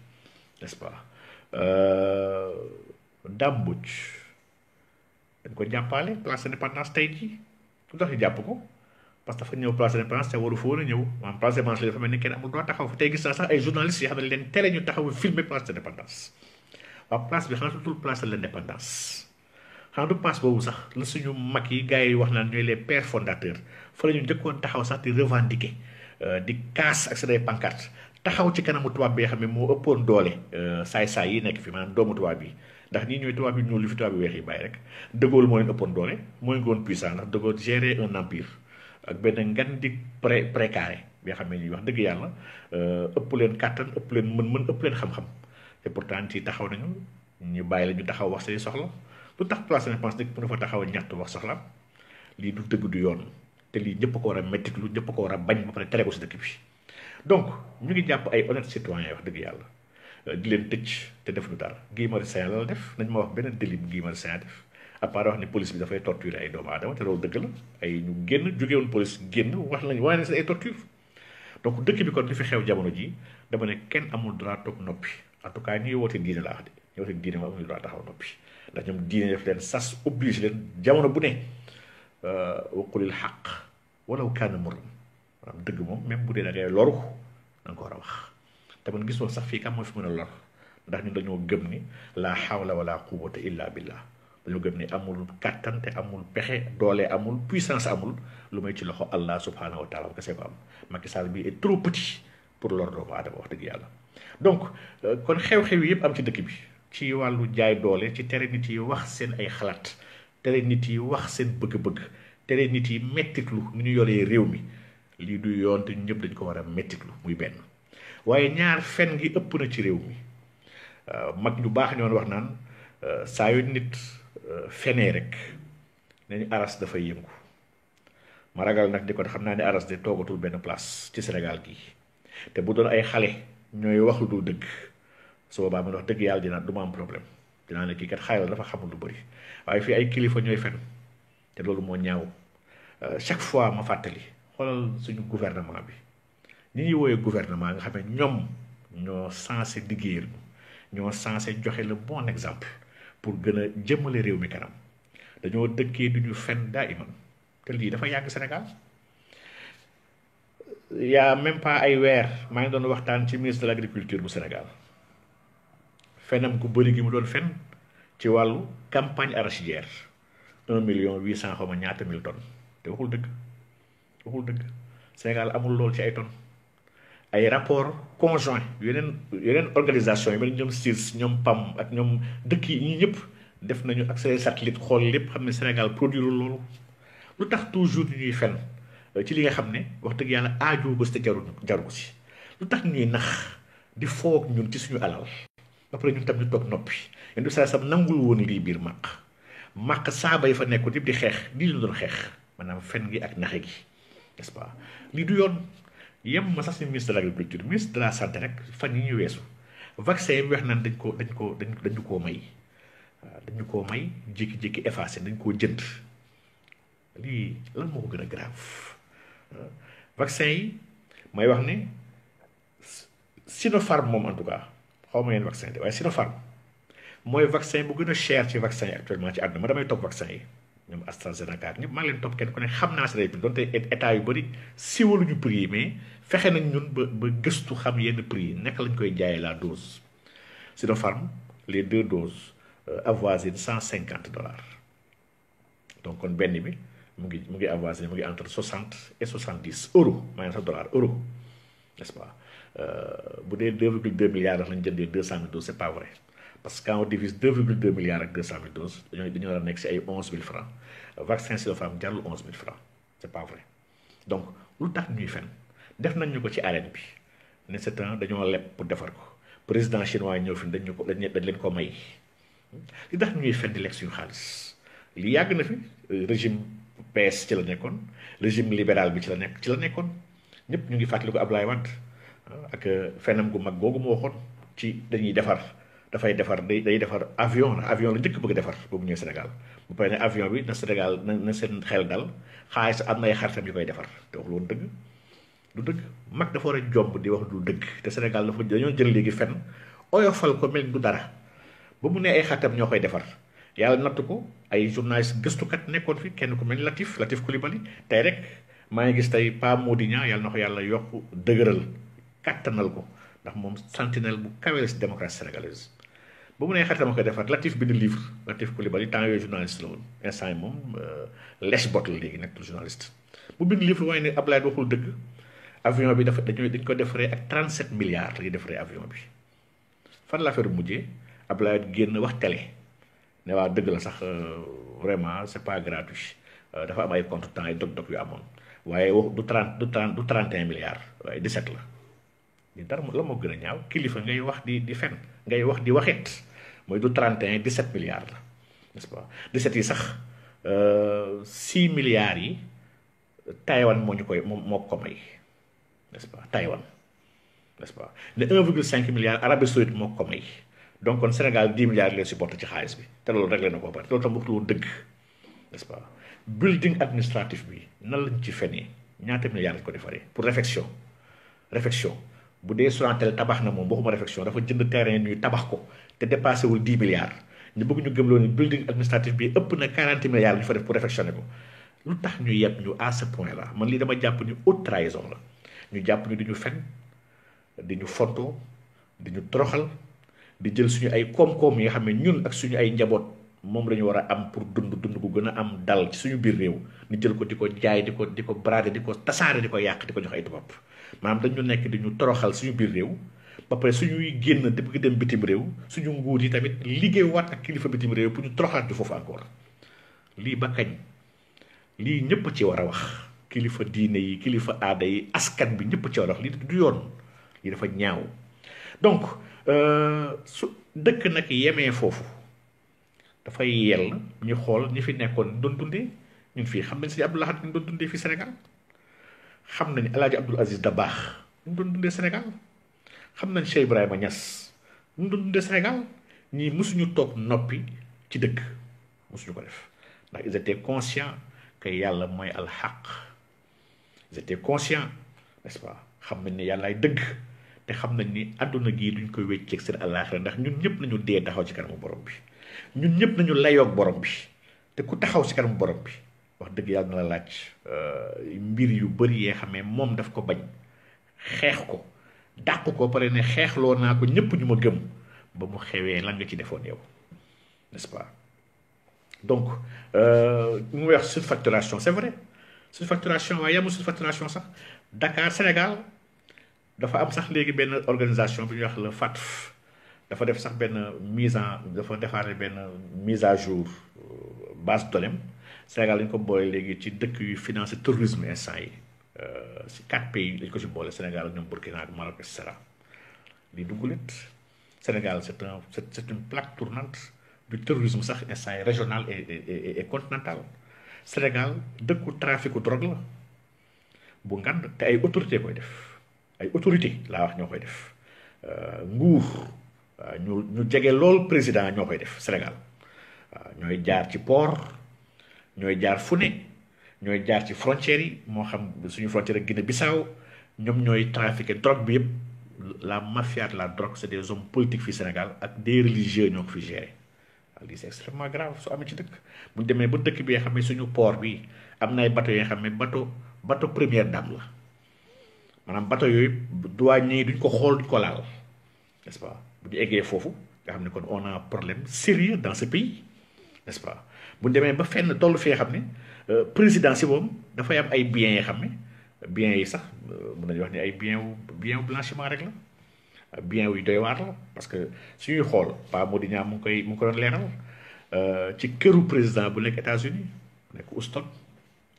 n'est-ce pas euh, Dame Mbodj dañ ko jàppaale place d'indépendance tey jii lu tax ñu jàpp ko parce que dafa ñëw place d'indépendance te waru foo na ñëw maanaam place d'indépendance dafa taxaw fa tey gis naa sax ay journalistes yi xam ne leen tere ñu taxaw filmer place d'indépendance waaw place bi xam ne place de l'indépendance xam du pass boobu sax la suñu mag yi gars yi wax naan ñooy les pères fondateurs fa la ñu njëkkoon taxaw sax di revendiquer euh, di kaas ak seen ay pancarte taxaw ci kanamu tubaab bi nga xam ne moo ëppoon doole euh, saay-saay yi nekk fi maanaam doomu tubaab yi ndax ñii ñooy tubaab yi ñuul li fi tubaab yi weex bàyyi rek De Gaulle moo doole moo leen gën puissant ndax De Gaulle ak benn ngan di pré précaré bi nga xam ne ñuy wax dëgg yàlla euh, ëpp leen kàttan ëpp leen mën-mën ëpp leen xam-xam te pourtant ci taxaw nañu ñu bàyyi la ñu taxaw wax seen soxla lu tax place Défense nag mën na fa taxaw a ñaxtu wax soxla lii du dëgg du yoon te lii ñëpp ko war a métti lu ko war a bañ ba pare tere ko si dëkk bi donc ñu ngi jàpp ay honnête citoyen wax dëgg yàlla euh, di leen tëj te def lu dara Guy Marius Sagna la def nañ ma wax benn délit bu Guy Marius def à wax ne police bi dafay torturer ay doomu aadama te loolu dëgg la ay ñu génn jógewoon police génn wax nañ waaye ne seen ay torture donc dëkk bi ko li fi xew jamono ji dama ne kenn amul droit toog noppi en tout cas ñuy ndax ñoom diine def leen sas obligé leen jamono bu ne euh, waqulil xaq walaw kaana murran maanaam dëgg moom même bu dee da ngay loru da nga ko war a wax te man sax fii kam mooy fi mën a lor ndax ñu dañoo gëm ni la hawla wala quwwata illa billah dañoo gëm ni amul kàttan te amul pexe doole amul puissance amul lu may ci loxo allah subhanahu wa taala kese ko am Macky Sall bi est trop petit pour lor doomu aadama wax dëgg yàlla donc euh, kon xew-xew yi yëpp am ci dëkk bi ci wàllu jaay doole ci tere nit yi wax seen ay xalaat tere nit yi wax seen bëgg-bëgg tere nit yi mettitlu nu ñu yoree réew mi lii du yoon te ñëpp dañ ko war a mettitlu muy benn waaye ñaar fen gi ëpp na ci réew mi euh, mag ñu baax ñoon wax naan euh, saa yu nit euh, fenee rek nañu aras dafay yëngu ma ragal nag di kon xam naa ne aras de toogatul benn place ci Sénégal gii te bu doon ay xale ñooy wax lu dul dëgg su boobaa man wax dëgg yàlla dinaa du ma am problème dinaa ne kii kat xaaral dafa xamul lu bëri waaye fii ay kilifa ñooy fen te loolu moo ñaaw euh, chaque fois ma fàttali xoolal suñu gouvernement bi ñi ñuy woowee gouvernement nga xam ne ñoom ñoo censé liggéeyal ñoo censé joxe le bon exemple pour gën a jëmale réew mi kanam dañoo dëkkee du ñu fen daa iman te lii dafa yàgg senegal euh, yaa même pas ay weer maa ngi doon waxtaan ci ministre de l' agriculture bu Sénégal. fenam gu bëri gi mu doon fen ci wàllu campagne arachidière un million huit cent xaw ñaata mille tonnes te waxul dëgg waxul dëgg Sénégal amul loolu ci ay tonnes ay rapport conjoint yeneen yeneen organisation yi mel ñoom SIRS ñoom PAM ak dëkk yi ñi ñëpp def nañu ak seen satellite xool lépp xam ne Sénégal produire loolu lu tax toujours ñuy fen ci li nga xam ne wax dëgg yàlla aajoo bës te jaru jaru si lu tax ñuy nax di foog ñun ci suñu alal ba pare ñun tam ñu toog noppi yéen saa sam nangul woon lii biir màq màq saaba yi fa nekkoon yëpp di xeex lii la doon xeex maanaam fen gi ak naxe gi n'est-ce pas lii du yoon yem ma sax si ministre de l'agriculture ministre de la santé rek fan yi ñu weesu vaccin yi mu wax naan dañ ko dañ ko dañ dañu koo may waaw koo may jékki-jékki effacé dañ koo jënd lii lan moo ko gën a grave vaccin yi may wax ne Sinopharm moom en tout cas xaw ma ngeen vaccin de waaye Sinopharm mooy vaccin bu gën a cher ci vaccin yi actuellement ci àdduna ma damay topp vaccin yi ñoom AstraZeneca ak ñëpp maa ngi leen topp kenn ku xam naa si rek donte état yu bëri ñu prix yi mais fexe nañ ñun ba ba gëstu xam yenn prix yi nekk lañ koy jaayee la dose Sinopharm les deux dose euh, avoisine cent cinquante dollars donc kon benn bi mu ngi mu ngi avoisine mu ngi entre soixante et soixante dix euros maanaam sax dollar euro Euh, bu dee 2,2 milliards daf lañ jëndee 200 000 doses c' est pas vrai parce que quand on divise 2,2 milliards ak 200 000 doses dañoo dañoo war a nekk si ay 11 000 francs vaccin Sinopharm jarul 11 000 francs c' pas vrai donc lu tax ñuy fen def nañ ñu ko ci arène bi ne c' est dañoo leb pour defar ko président chinois yi ñëw fi dañ ñu ko dañ leen ko may li tax ñuy fen di lekk suñu xaalis li yàgg na fi euh, régime PS ci la nekkoon régime libéral bi ci la nekk ci la nekkoon ñëpp ñu ngi fàttali ko Abdoulaye Wade ak euh, fenam gu mag boobu mu waxoon ci dañuy defar dafay defar day day defar avion la avion la njëkk bëgg defar boobu ñëw Sénégal bu paree ne avion bi na Sénégal na na seen xel dal xaalis am nay xaritam yu koy defar te wax loolu dëgg dëgg mag dafa war di wax du dëgg te Sénégal dafa dañoo jël léegi fen oyofal ko mel dara ba mu ne ay xaritam ñoo koy defar yàlla natt ko ay journaliste gëstukat nekkoon fii kenn ku mel ni Latif Latif Coulibaly tey rek maa ngi gis tey Pa Mody Niang yàlla na ko yàlla yokk dëgëral kàttanal ko ndax moom sentinelle bu kawe la si démocratie sénégalaise ba mu neexee dama koy defar Latif bind livre Latif Coulibaly temps yooyu journaliste la woon yi moom euh, lèche bot la léegi nekk journaliste bu bind livre waaye ne Ablaye waxul dëgg avion bi dafa dañu dañ ko defaree ak 37 milliards la ñuy defaree avion bi fan l'affaire bu mujjee Ablaye génn wax tele ne waa dëgg la sax euh, vraiment c'est pas gratuit euh, dafa am ay contretemps ay dog amoon waaye wax du 30 du 30 du 31 milliards waaye 17 la li dara la moo gën a ñaaw kilifa ngay wax di di fen ngay wax di waxeet mooy du 31 17 milliards la n'est-ce pas 17 yi sax 6 euh, milliards yi Taïwan moo ñu koy moo ko may n'est-ce pas Taïwan n'est-ce pas le 1,5 milliard Arabie Saoudite moo ko may donc kon Sénégal 10 milliards lay supporté ci xaalis bi te loolu réglé na ko ba pare loolu tam waxtu woon dëgg n'est-ce pas building administratif bi nan lañ ci fenee ñaata milliards lañ ko defaree pour réfection réfection bu dee Sonatel tabax na moom waxuma réflexion dafa jënd terrain ñuy tabax ko te dépassé wul 10 milliards ñu bëgg ñu gëmloo ni building administratif bi ëpp na 40 milliards ñu fa def pour ko lu tax ñu yeb ñu à ce point là man lii dama jàpp ni haute trahison la ñu jàpp ni di ñu fen di ñu fonto di ñu toroxal di jël suñu ay koom-koom yi nga xam ne ñun ak suñu ay njaboot moom la ñu war a am pour dund dund bu gën a am dal ci suñu biir réew ñu jël ko ko jaay di ko di ko brader di ko tasaare di ko yàq di ko jox ay tubaab maanaam dañu nekk di ñu toroxal suñu biir réew ba pare suñuy génn te bëgg dem bitim réew suñu nguur yi tamit liggéeywaat ak kilifa bitim réew pour ñu toroxaat ñu foofu encore lii ba kañ lii ñëpp ci war a wax kilifa diine yi kilifa aada yi askat bi ñëpp ci war a wax lii du yoon yi dafa ñaaw donc euh, su dëkk nag yemee foofu dafay yell ñu xool ñi fi nekkoon doon dundee ñun fii xam nañ si Abdou Lahad ñu doon dundee fii Sénégal. xam na El Hadj Abdoul Aziz Dabakh ñu doon dundee Sénégal xam nañ Cheikh Ibrahima Niass ñu doon dundee Sénégal ñii mosuñu toog noppi ci dëkk mosuñu ko def ndax ils étaient conscients que yàlla mooy alxaq ils étaient conscients n'est-ce pas xam nañ ne yàllaay dëgg te xam nañ ni àdduna gii duñ koy wécceeg seen àllaaxira ndax ñun ñëpp nañu dee taxaw ci kanamu borom bi ñun ñëpp nañu layoog borom bi te ku taxaw ci kanamu borom bi. wax dëgg yàlla na la laaj euh, mbir yu bëri yee xamee moom daf ko bañ xeex ko dàq ko pare ne xeexloo naa ko ñëpp ñu ma gëm ba mu xewee lan nga ci defoon yow n'est-ce pas donc euh, mu wax surfacturation c'est vrai surfacturation waaye yamul surfacturation sax Dakar Sénégal dafa am sax léegi benn organisation bi ñuy wax le FATF dafa def sax benn mise en dafa defaane benn mise à jour euh, base de Sénégal dañ ko boole léegi ci dëkk yu financé tourisme instant yi euh, si quatre pays dañ ko si boole Sénégal ak ñoom Burkina ak Maroc et cetera lii duggulit Sénégal c' est un c' est une plaque tournante du terrorisme sax instant yi régional et et continental Sénégal dëkku traficu drogue la bu ngand te ay autorité koy def ay autorité laa wax ñoo koy def euh, nguur euh, ñu ñu jege lool président ñoo koy def Sénégal ñooy jaar ci port. ñooy jaar fu ne ñooy jaar ci frontières yi moo xam suñu frontière ak Guinée Bissau ñoom ñooy trafiqué drogue bi yëpp la mafia de la drogue c' est des hommes politiques fii Sénégal ak des religieux ñoo ko fi géré waaw lii c' est extrêmement grave su amee ci dëkk bu ñu demee ba dëkk bi nga xam ne suñu port bi am na ay bateau yoo xam ne bateau bateau première dame maanaam bateau yooyu douane yi duñ ko xool duñ ko laal n' est ce pas bu ñu eggee foofu nga xam ne kon on a problème sérieux dans ce pays n' est ce pas bu ñu demee ba fenn toll fi xam ne euh, président si moom dafay am ay bien yi xam ne biens yi sax euh, mun nañu wax ni ay bien wu bien wu blanchiment rek la bien wu doy waar la parce que suñuy xool Pa Mody Niang mu ngi koy mu ngi ko doon leeral euh, ci këru président bu nekk États-Unis bu nekk Houston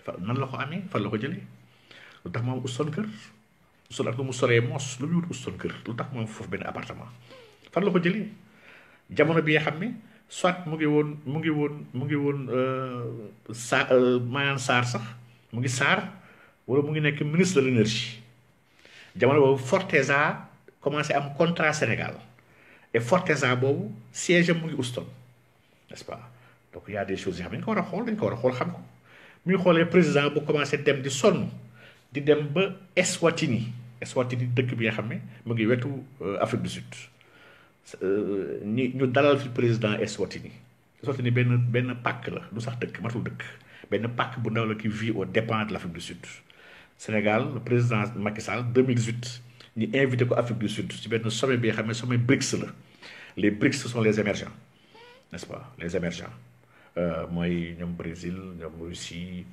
fa nan la ko amee fan la ko jëlee lu tax moom Houston kër Houston ak lu mu soree moos lu muy wut Houston kër lu tax moom foofu benn appartement fan la ko jëlee jamono bi nga xam ne. soit mu ngi woon mu ngi woon mu ngi woon euh, sa euh, Mayane saar sax mu ngi Sarr wala mu ngi nekk ministre de l'énergie jamono boobu Forteza commencé am contrat Sénégal et Forteza boobu siège am mu ngi Houston n'est-ce pas donc y a des choses yoo xam ne dañ ko war a xool dañ ko war a xool xam ko mu ngi xoolee président bu commencé dem di sonn di dem ba Eswatini Eswatini dëkk bi nga xam ne mu ngi wetu euh, Afrique du Sud. ñi euh, ñu dalal fi président Eswatini Eswatini benn benn pàkk la lu sax dëkk matul dëkk benn pàkk bu ndaw la ki vit au dépens de l' Afrique du Sud Sénégal le président Macky Sall ñu invité ko Afrique du Sud ci benn sommet bi nga xam ne sommet BRICS la les BRICS sont les émergents n' ce pas les émergents euh, mooy ñoom Brésil ñoom Russie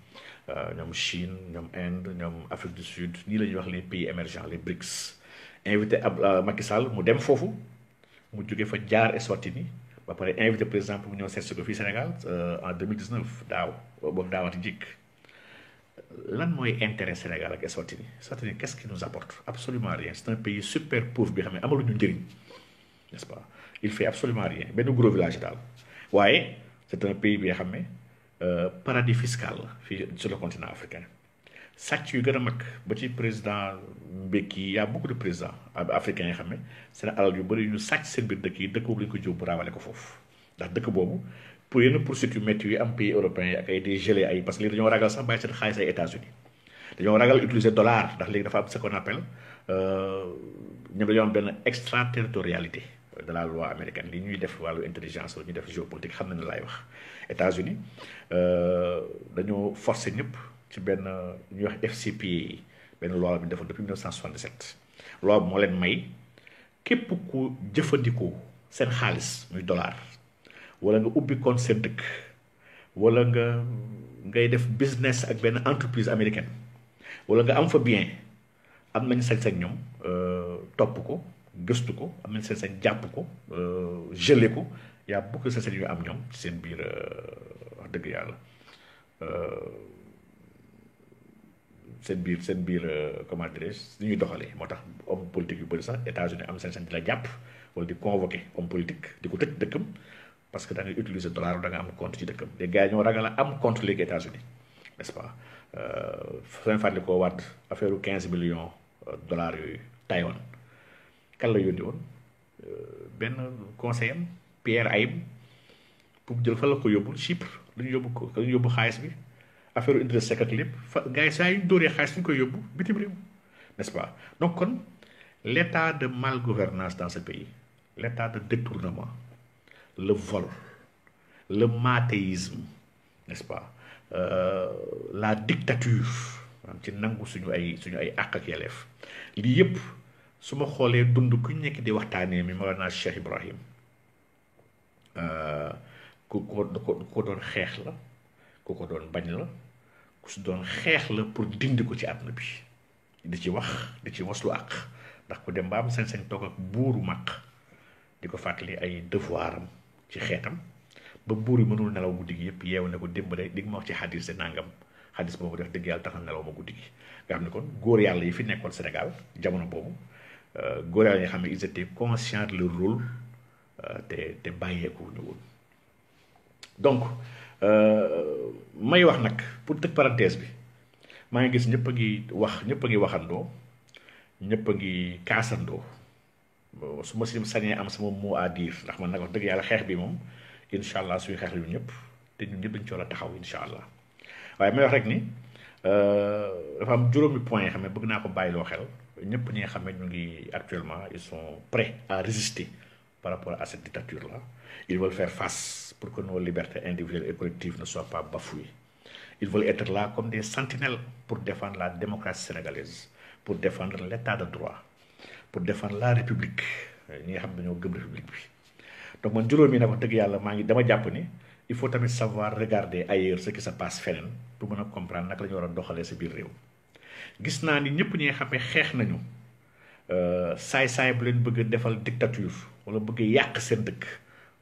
euh, ñoom Chine ñoom Inde ñoom Afrique du Sud nii la ñuy wax les pays émergents les BRICS invité ab Macky Sall mu dem foofu. mu jógee fa jaar Eswatini ba pare invité président pour mu ñëw seet si ko fii Sénégal euh, en 2019 daaw boobu daawati jikk lan mooy intérêt Sénégal ak Eswatini Eswatini qu'est-ce qui nous apporte absolument rien c'est un pays super pauvre bi xam ne amaluñu njëriñ n'est-ce pas il fait absolument rien benn gros village daal waaye c'est un pays bi nga xam ne euh, paradis fiscal la fii sur le continent africain sàcc yu gën a mag ba ci président Mbeki y' a beaucoup de présidents africains yi xam ne seen alal yu bëri ñu sàcc seen biir dëkk yi dëkk boobu la ko jóg raawale ko foofu ndax dëkk boobu pour yenn poursuites yu métti yu am pays européen yi ak ay des gelé ay parce que léegi dañoo ragal sax bàyyi seen xaalis ay États-Unis dañoo ragal utiliser dollar ndax léegi dafa am ce qu'on appelle euh, ñoom dañoo am benn extraterritorialité de la loi américaine li ñuy def wàllu intelligence la ñu def géopolitique xam nañ ne laay wax États-Unis euh, dañoo forcer ñëpp. ci benn ñuy wax FCPA benn loi bi dafa def defoon depuis 1977 loi bi moo leen may képp ko jëfandikoo seen xaalis muy dollar wala nga ubbi compte seen dëkk wala nga ngay def business ak benn entreprise américaine wala nga am fa bien am nañ sañ-sañ ñoom euh, topp ko gëstu ko am nañ sañ-sañ jàpp ko euh, gelé ko yaa beaucoup sañ-sañ yu am ñoom seen biir euh, wax dëgg yàlla. seen biir seen biir euh, comment dirais je ñuy doxalee moo tax homme politique yu bëri sax États-Unis am sañ-sañ di la jàpp wala di convoqué homme politique di ko tëj dëkkam parce que da ngay utiliser dollar da am compte ci dëkkam les gars ñoo ragal a am compte léegi États-Unis n'est-ce pas euh, seen fàttali koo waat affaire quinze millions euh, dollars yooyu Taïwan kan la yónni woon benn conseiller Pierre Ayim pour jël fa la ko yóbbul Chypre lu ñu yóbbu ko lu ñu yóbbu xaalis bi affaire Idriss Seck ak lépp fa gars yi saa yu ñu dóoree xaalis ñu koy yóbbu bitim réew n'est-ce pas donc kon l'état de malgouvernance dans ce pays l'état de détournement le vol le matéisme n'est-ce pas euh, la dictature ci nangu suñu ay suñu ay àq ak yelleef lii yépp su ma xoolee dund ku ñu nekk di waxtaanee mi Mawlana Cheikh Ibrahim euh, ku ko doon xeex la ku ko doon bañ la ku su doon xeex la pour dindi ko ci àdduna bi di ci wax di ci waslu àq ndax ku dem ba am sañ-sañ toog ak buuru màq di ko fàttali ay devoir am ci xeetam ba buur yi mënul nelaw guddi gi yëpp yeew ne ko démb rek di nga ma ci xadis de nàngam xadis boobu def dëgg yàlla tax na nelaw ma guddi gi nga xam ne kon góor yàlla yi fi nekkoon Sénégal jamono boobu euh, góor yàlla yi xam ne ils étaient conscients de leur euh, te te bàyyeeku ñu woon donc Euh, may wax nag pour tëj parenthèse bi maa ngi gis ñëpp a ngi wax ñëpp ngi waxandoo ñëpp a ngi kaasandoo su ma si sañee am sama mot à dire ndax ma nag wax dëgg yàlla xeex bi moom incha allah suñu xeex la ñun ñëpp te ñun ñëpp dañu ci taxaw incha allah waaye may wax rek ni euh, dafa am juróomi point yi xam ne bëgg naa ko bàyyi bàyyiloo xel ñëpp ñi nga xam ne ñu ngi actuellement ils sont prêts à résister par rapport à cette dictature là. Ils veulent faire face pour que nos libertés individuelles et collectives ne soient pas bafouées. Ils veulent être là comme des sentinelles pour défendre la démocratie sénégalaise, pour défendre l'état de droit, pour défendre la République. ñi nga xam ne ñoo gëm République bi donc man juróomi nag wax dëgg yàlla maa ngi dama jàpp ni il faut tamit savoir regarder ailleurs ce qui se passe feneen pour mën a comprendre naka lañu war a doxalee sa biir réew. gis naa ni ñëpp ñi nga xam ne xeex nañu euh, saay-saay bu leen bëgg defal dictature wala bëgg yàq seen dëkk.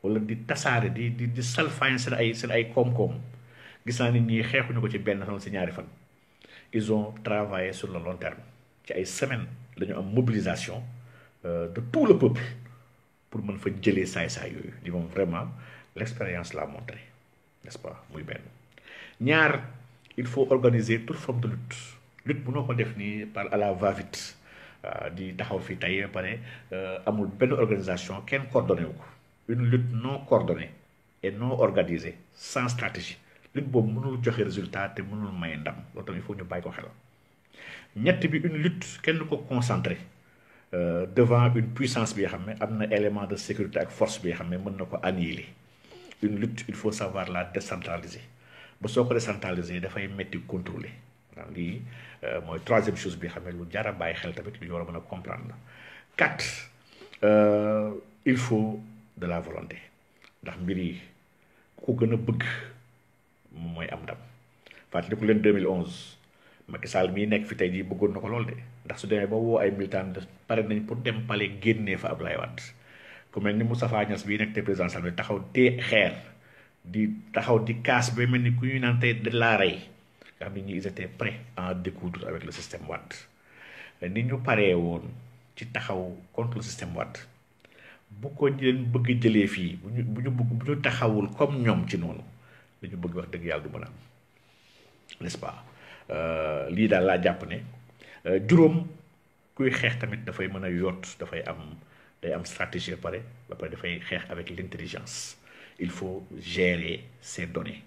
wala di tasaare di di di salfaañ seen ay seen ay koom-koom gis naa nit ñi xeexuñu ko ci benn fan si ñaari fan ils ont travaillé sur le long terme ci ay semaines la ñu am mobilisation euh, de tout le peuple pour mën fa jëlee saay-saay yooyu li moom vraiment l'expérience l'a montré n'est-ce pas muy benn ñaar il faut organiser toute forme de lutte lutte bu noo ko def nii par à la va-vite euh, di taxaw fii tey pare euh, amul benn organisation kenn coordonné wu ko une lutte non coordonnée et non organiser san stratégie lutte boobu mënul joxe résultat te mënul may ndam loolu tamit il faut ñu bàyyi ko xel ñett bi une lutte kenn ko concentré euh, devant une puissance bi nga xam ne am na élément de sécurité ak force bi nga xam ne mën na ko annihiler une lutte il faut savoir la décentraliser ba soo ko décentraliser dafay métti contrôler waaw lii euh, mooy troisième chose bi nga xam ne lu jar a bàyyi xel tamit lu ñu war a mën a comprendre la quatre euh, de la volonté ndax mbir yi ku gën a bëgg mooy am ndam fàttaliku leen 2011 Macky Sall mii nekk fi tey jii bëggoon na ko lool de ndax su demee ba woo ay militant pare nañ pour dem pale génnee fa Abdoulaye Wade ku mel ni Moustapha Niass bii nekk te président Sall taxaw tee xeer di taxaw di kaas ba mel ni ku ñuy naan tey de la rey nga xam ne ñi ils étaient prêts à découdre avec le système Wade ni ñu paree woon ci taxaw contre le système Wade. bu ko leen bëgg jëlee fii bu ñu bu ñu bu ñu taxawul comme ñoom ci noonu dañu bëgg wax dëgg yàlla du mën a am nest euh, lii daal laa jàpp ne euh, juróom kuy xeex tamit dafay mën a yott dafay am day am stratégie ba pare ba pare dafay xeex avec l'intelligence il faut gérer ces données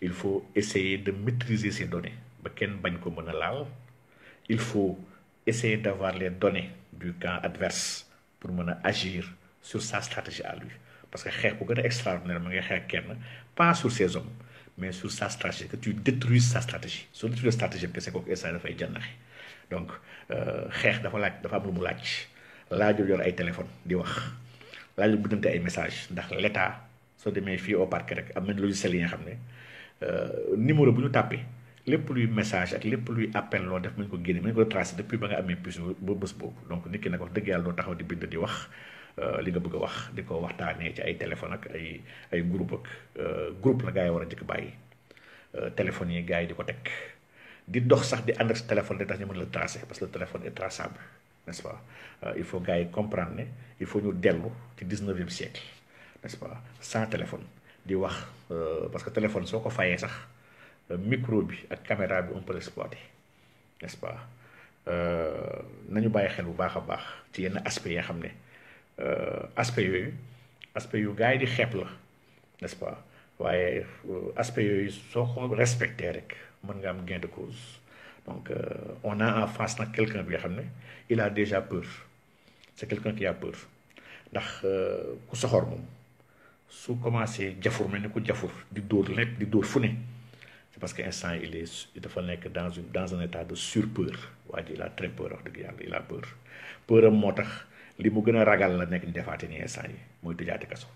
il faut essayer de maitriser ces données ba kenn bañ ko mën a laal il faut essayer d'avoir les données du camp adverse pour mën a agir su sa stratégie àll lui parce que xeex bu gën a extraordinaire ma ngay xeex kenn pas sur ses mais su sa stratégie que tu détruis sa stratégie soo détruire stratégie am kese kooku instant dafay jànnaxi donc euh, xeex dafa laaj dafa am lu mu laaj laajul yor ay téléphone di wax laajul bindante ay message ndax l' soo demee fii au parquet rek am nañ logiciel yi nga xam ne euh, numéro bu ñu tàppee lépp luy message ak lépp luy appel loo def mën ko génne mën ko tracé depuis ba dëgg yàlla doo taxaw di di wax Euh, li nga bëgg a wax di ko waxtaanee ci ay téléphone ak ay ay groupe ak euh, group la gaa yi war a njëkk bàyyi euh, téléphones yi gaa yi di ko teg di dox sax di ànd téléphone da tax ñu mën la tracé parce que le téléphone est traçable nest il faut gaa yi comprendre ne il faut ñu dellu ci dix-neuvième siècle n'est-ce pas sans téléphone di wax parce que téléphone soo ko fayee sax micro bi ak caméra bi on peut l'exploiter n'est-ce pas nañu bàyyi xel bu baax a baax ci yenn aspects yi nga xam ne Euh, aspect yooyu aspect yu gars yi di xeeb la n'est-ce pas waaye euh, aspect yooyu soo ko respecté rek mën nga am gain de cause donc euh, on a en face nag quelqu'un bi nga xam ne il a déjà peur c'est quelqu'un qui a peur ndax ku soxoor moom su commencé jafur ne ni ku jafur di dóor nekk di dóor fu ne c'est parce que instant il est dafa nekk dans une dans un état de surpeur waa ji il a très peur wax dëgg yàlla il a peur peuram moo tax li mu gën a ragal la nekk di defaate ni instant yi mooy tëjaate kaso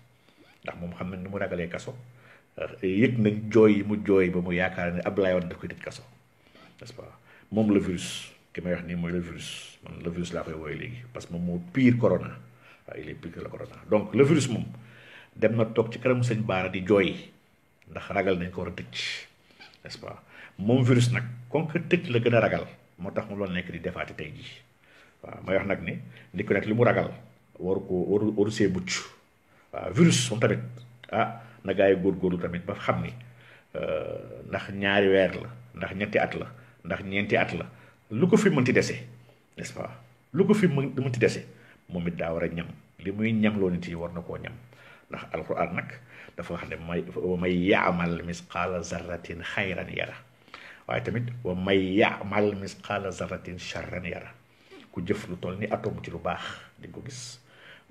ndax moom xam na ni mu ragalee kaso euh, yëg nañ jooy yi mu jooy ba mu yaakaar ne ab Wade daf koy tëj kaso n'est-ce moom le virus ki may wax nii mooy le virus man le virus laa koy léegi parce que moo pire corona waaye il est pire que donc le virus dem na toog ci kanamu sëñ Baara di jooy ndax ragal nañ ko war a tëj n'est-ce pas moom virus nag kon que tëj la gën a ragal moo tax mu doon nekk di defaati tey jii. waaw may wax nag ni nit ku nekk li mu ragal waru ko waru waru see mucc waaw virus moom tamit ah na gaa tamit ba xam ni euh, ndax ñaari weer la ndax ñetti at la ndax ñeenti at la lu ko fi mënti dese n'est-ce pas lu ko fi mënti dese moom it daa war a ñam li muy ñam loo nit yi war na koo ñam ndax alquran nag dafa wax ne may may yaamal misqaala zarratin xayran yara waaye tamit wa may yaamal misqaala zarratin charran yara ku jëf lu toll ni atome ci lu baax di ko gis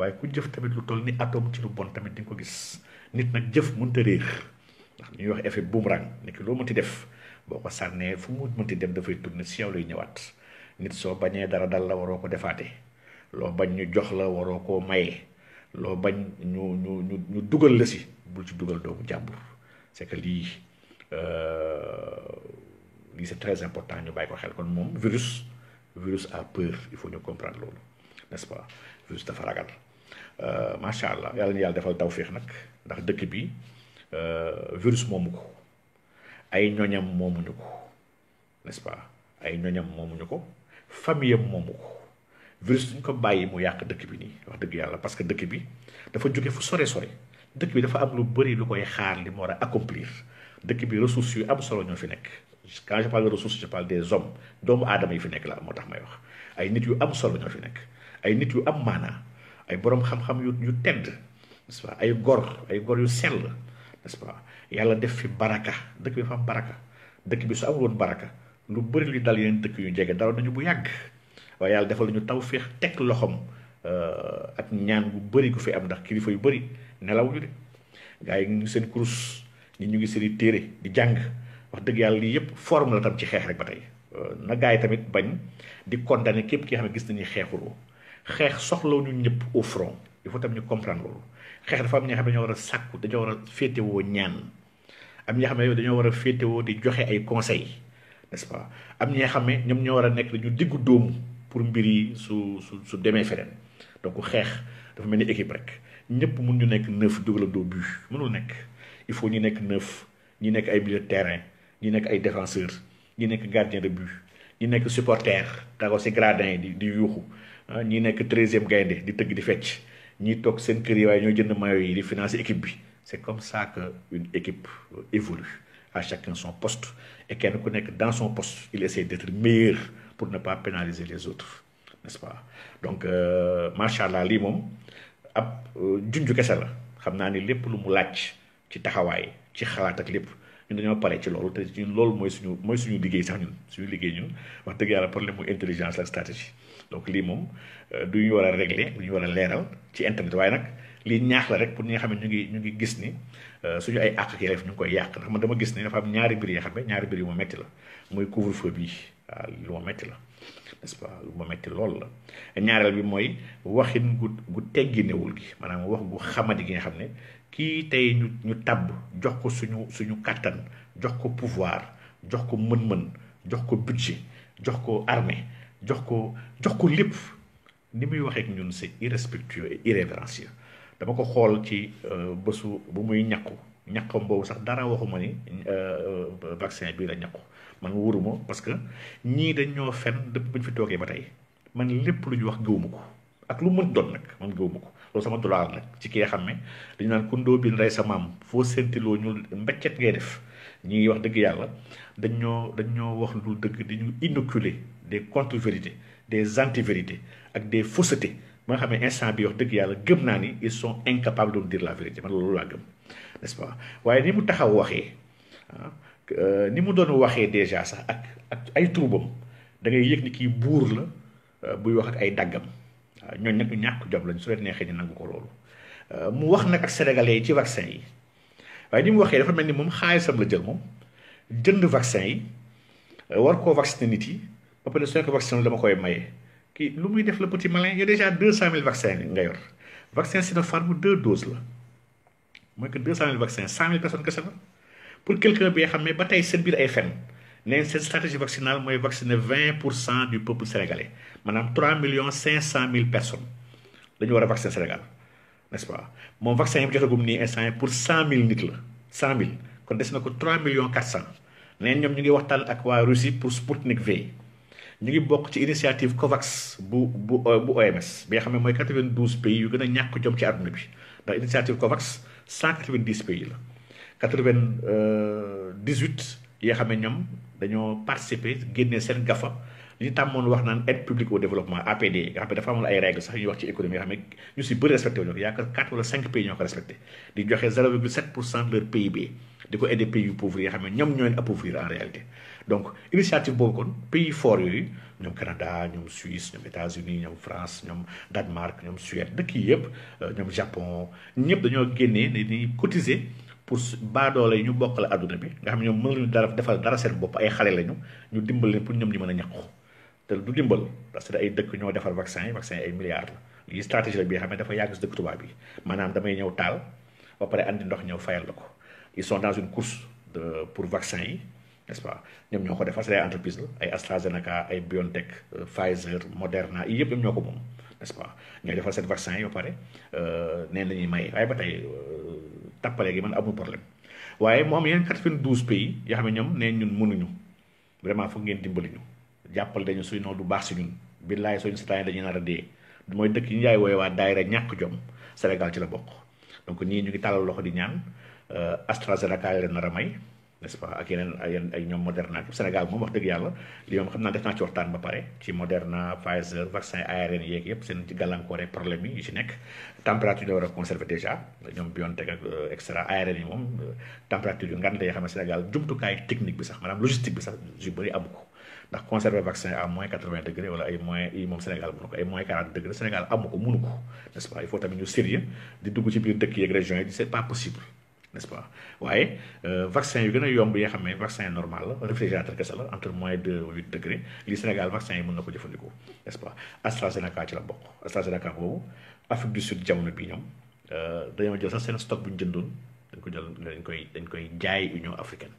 waaye ku jëf tamit lu toll ni atome ci lu bon tamit di ko gis nit nag jëf mënta réer ndax ñuy wax effet boomerang ni ki loo mënti def boo ko sànnee fu mu mënti dem dafay tourner si yow lay ñëwaat nit soo bañee dara dal la waroo ko defaate loo bañ ñu jox la waroo koo maye loo bañ ñu ñu ñu ñu dugal la si bul ci dugal doomu jàmbur c'est que lii euh, lii c'est très important ñu bàyyi ko xel kon moom virus virus a peur il faut ñu comprendre loolu n'est-ce pas virus dafa ragal euh, macha allah yàlla na yàlla defal feex nag ndax dëkk bi euh, virus moomu ko ay ñoñam moomuñu ko n'est-ce pas ay ñoñam moomuñu ko famille am moomu ko virus duñ ko bàyyi mu yàq dëkk bi nii wax dëgg yàlla parce que dëkk bi dafa jóge fu sore sore dëkk bi dafa am lu bëri lu koy xaar li mu war a accomplir dëkk bi ressources yu am solo ñoo fi nekk. quand je parle de ressources je parle des hommes doomu aadama yi fi nekk la moo tax may wax ay nit yu am solo ñoo fi nekk ay nit yu am maanaa ay boroom xam-xam yu yu tedd n'est-ce pas ay gor ay gor yu sel n'est-ce pas yàlla def fi baraka dëkk bi fa am baraka dëkk bi su amul woon baraka lu bëri li dal yeneen dëkk yu jege daloon nañu bu yàgg waaye yàlla defal ñu taw féex teg loxoom euh, ak ñaan bu bëri gu fi am ndax kilifa yu bëri nelaw ñu de gars yi ñu ngi seen kurus ñi ñu ngi seen i téere di jàng. wax dëgg yàlla lii yëpp forme la tam ci xeex rek ba tey euh, na gars yi tamit bañ di condamné képp ki xam ne gis nañuy xeexuloo xeex soxlaw ñu ñëpp au front il faut tam ñu comprendre loolu xeex dafa am ñi nga war a sàkku dañoo war a féetewoo ñaan am ñi nga xam dañoo war a féetewoo di joxe ay conseils n'est-ce am ñi xam ne ñoom ñoo war a nekk dañu diggu dóomu pour mbir yi su su su demee feneen donc xeex dafa mel ni équipe rek ñëpp mun ñu nekk neuf dugal a doo but nekk il faut ñu nekk neuf ñu nekk ay milieu de terrain ñi nekk ay défenseur ñi nekk gardien de but ñi nekk supporter taxaw si gradin yi di di yuuxu ah, ñi nekk treizième gaynde di tëgg di fecc ñi toog seen kër yi waaye ñoo jënd maillot yi di finance équipe bi c'est comme ça que une équipe euh, évolue à chacun son post et kenn ku nekk dans son poste il essaie d'être meilleur pour ne pas pénaliser les autres n'est-ce pas donc euh, macha allah lii moom ab euh, junju kese la xam naa ni lépp lu mu laaj ci taxawaay ci xalaat ak lépp ñun dañoo pare ci loolu te ñun loolu mooy suñu mooy suñu liggéey sax ñun suñu liggéey ñun wax dëgg yàlla problème mu intelligence la stratégie donc lii moom euh, du ñu war a régler du ñu war a leeral ci internet waaye nag lii ñaax la rek pour ñi nga xam ne ñu ngi ñu ngi gis ni euh, suñu ay àq ak yelleef ñu ngi koy yàq ndax ma dama gis ni dafa am ñaari mbir yoo xam ne ñaari mbir yu ma metti la mooy couvre feu bii waaw lu ma metti la n'est-ce pas lu ma metti loolu la ñaareel bi mooy waxin gu gu tegginewul gi wax gu xamadi gi nga xam ne kii tey ñu ñu tàbb jox ko suñu suñu kàttan jox ko pouvoir jox ko mën-mën jox ko budget jox ko armée jox ko jox ko lépp ni muy waxee ak ñun c'est irrespectueux et irrévérencieux dama ko xool ci euh, bésu bu muy ñàkku ñàkkam boobu sax dara waxuma ni euh, euh, vaccin bii la ñàkku man wóoruma parce que ñii dañ ñoo fen dëpp bu fi toogee ba tey man lépp lu ñu wax gëwuma ko ak lu mën doon nag man gëwuma ko loolu sama droit nag ci ki nga xam ne dañu naan kundoo bi rey sa maam foo séentiloo ñu mbeccet ngay def ñi ngi wax dëgg yàlla dañ ñoo dañ ñoo wax lu dëgg di ñu inoculer des contre-vérités des anti ak des faussetés ba nga xam ne instant bi wax dëgg yàlla gëm naa ni ils sont incapables de dire la vérité man loolu laa gëm n'est-ce pas waaye ni mu taxaw waxee ah, euh, ni mu doon waxee déjà sax ak ak ay troubam da ngay yëg ni kii buur la euh, buy wax ak ay dàggam waaw ñooñu nag ñu ñàkk job lañ su leen neexee ñu nangu ko loolu euh, mu wax nag ak sénégalais yi ci vaccin yi waaye ni mu waxee dafa mel ni moom xaalisam la jël moom jënd vaccin yi euh, war koo vacciner nit yi ba pare soo dama koy maye kii lu muy def la petit malin yow déjà deux cent mille vaccin nga yor vaccin Sinopharm deux doses la mooy que deux cent mille vaccin cent mille personnes kese la pour quelqu'un bi nga xam ne ba tey seen biir ay fen neen seen stratégie vaccinale mooy vacciner vingt pour cent du peuple sénégalais maanaam trois millions cinq cent mille personnes la war a vacciner Sénégal n'est-ce pas moom vaccin yi mu jotagum nii instant pour cent mille nit la cent mille kon des na ko trois millions quatre cent neen ñoom ñu ngi waxtaan ak waa Russie pour Sputnik V ñu ngi bokk ci initiative COVAX bu bu eh, bu OMS bi nga xam ne mooy quatre vingt douze pays yu gën a ñàkk jom ci àdduna bi ndax initiative COVAX cent e quatre vingt dix pays la quatre vingt eh, dix huit yi nga xam ne ñoom dañoo participer génne seen gafa li ñu tàmmoon wax naan aide publique au développement APD nga xam ne dafa amoon ay règles sax ñuy wax ci économie nga xam ne ñu si bëri respecté wu ñu ko yaa ngi quatre wala cinq pays ñoo ko respecté di joxe 0,7 pour cent de leur PIB di ko aider pays yu pauvres yi nga xam ne ñoom ñoo leen appauvrir en réalité. donc initiative boobu kon pays forts yooyu ñoom Canada ñoom Suisse ñoom États-Unis ñoom France ñoom Danemark ñoom Suède dëkk yi yëpp euh, ñoom Japon ñëpp dañoo génnee dañuy cotiser. pour baadoole yi ñu bokk la àdduna bi nga xam ne ñoom mënuñu dara defal dara seen bopp ay xale lañu ñu dimbal leen pour ñoom ñu mën a ñàkku te du dimbal parce que ay dëkk ñoo defal vaccin yi vaccin ay milliards la lii xam ne dafa yàgg si dëkk tubaab bi maanaam damay ñëw taal ba pare andi ndox ñëw fayal la ko ils sont de pour vaccin yi n'est-ce pas ñoom ñoo ko defar c'est ay entreprise la ay AstraZeneca ay BioNTech euh, Pfizer Moderna yi yëpp ñoo ko moom n'est-ce pas ñooy defar seen vaccin yi ba pare euh, neen la ñuy may waaye ba tey euh, tàppale gi man amul problème waaye mu am yeneen 92 pays yoo xam ne ñoom nee ñun mënuñu vraiment foog ngeen dimbali ñu jàppal dañu suy noo du baax si ñun billaay soo ñu sataane dañuy nar a dee mooy dëkk yi ñu yaay wooye waa rek ñàkk jom Sénégal ci la bokk donc ñii ñu ngi tàllal loxo di ñaan euh, AstraZeneca leen nar a may n'est-ce pas ak yeneen ay ñoom Moderna ak Sénégal moom wax dëgg yàlla li moom xam naa def naa ci waxtaan ba pare ci Moderna Pfizer vaccin ARN yi problème température yi euh, moom euh, température yu xam ne Sénégal jumtukaay technique bi sax maanaam logistique bi sax yu bëri amu ko ndax conserver vaccin à moins quatre-vingts degré wala ay moins yi moom Sénégal mënu ko ay moins quarante degré Sénégal amu ko mënu ko n'est-ce n'est-ce pas waaye euh, vaccin yu gën a yomb yi nga xam ne vaccin normal la réfrigérateur kese la entre moins de huit degré lii Sénégal vaccin yi mën na ko jëfandikoo n'est-ce pas AstraZeneca ci la bokk AstraZeneca boobu Afrique du Sud jamono bi ñoom euh, dañoo jël sax seen stock bu ñu jëndoon dañ ko jël dañ koy dañ koy jaay Union africaine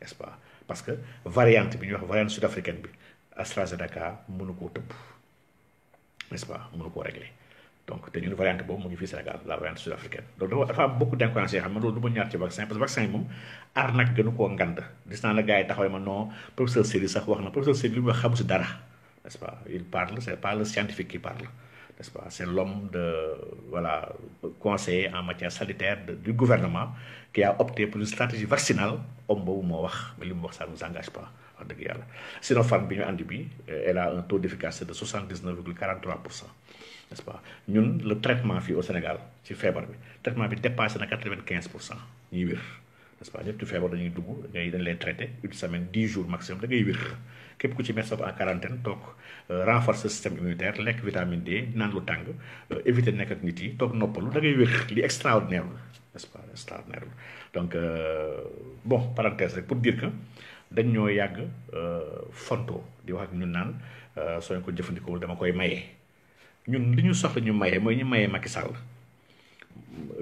n'est-ce pas parce que variante bi ñuy wax variante sud africaine bi AstraZeneca mënu koo tëpp n'est-ce pas mënu koo régler donc te ñun variante boobu mu ngi fii Sénégal la variante sud africaine loolu dafa am beaucoup d' incohérences yoo loolu du ma ñaar ci vaccin parce que vaccin yi moom aar nag gënu koo ngand gis naa la gars yi taxawee ma non professeur Seydi sax wax na professeur Seydi li mu wax xamu si dara n' est il parle c' est pas le scientifique qui parle n' est ce pas de voilà conseiller en matière salitaire du gouvernement qui a opté pour une stratégie vaccinale homme moo wax mais li mu dëgg yàlla Sinopharm bi pour cent n'est-ce pas le traitement fii au Sénégal ci feebar bi traitement bi dépassé na quatre-vingt-quinze pour cent ñuy wér n'est-ce pas feebar dañuy dugg ngay dañ leen traité une semaine dix jours maximum da ngay wér képp ku ci mettre sa bopp en quarantaine toog euh, renforcer système immunitaire lekk vitamine D naan lu tàng euh, éviter nekk ak nit yi toog noppalu da ngay wér li extraordinaire la n'est-ce pas extraordinaire la donc euh, bon parenthèse rek pour dire que dañ ñoo yàgg fonto di wax ak ñun naan soo ko jëfandikoowul dama koy maye. ñun li ñu soxla ñu maye mooy ñu maye Macky Sall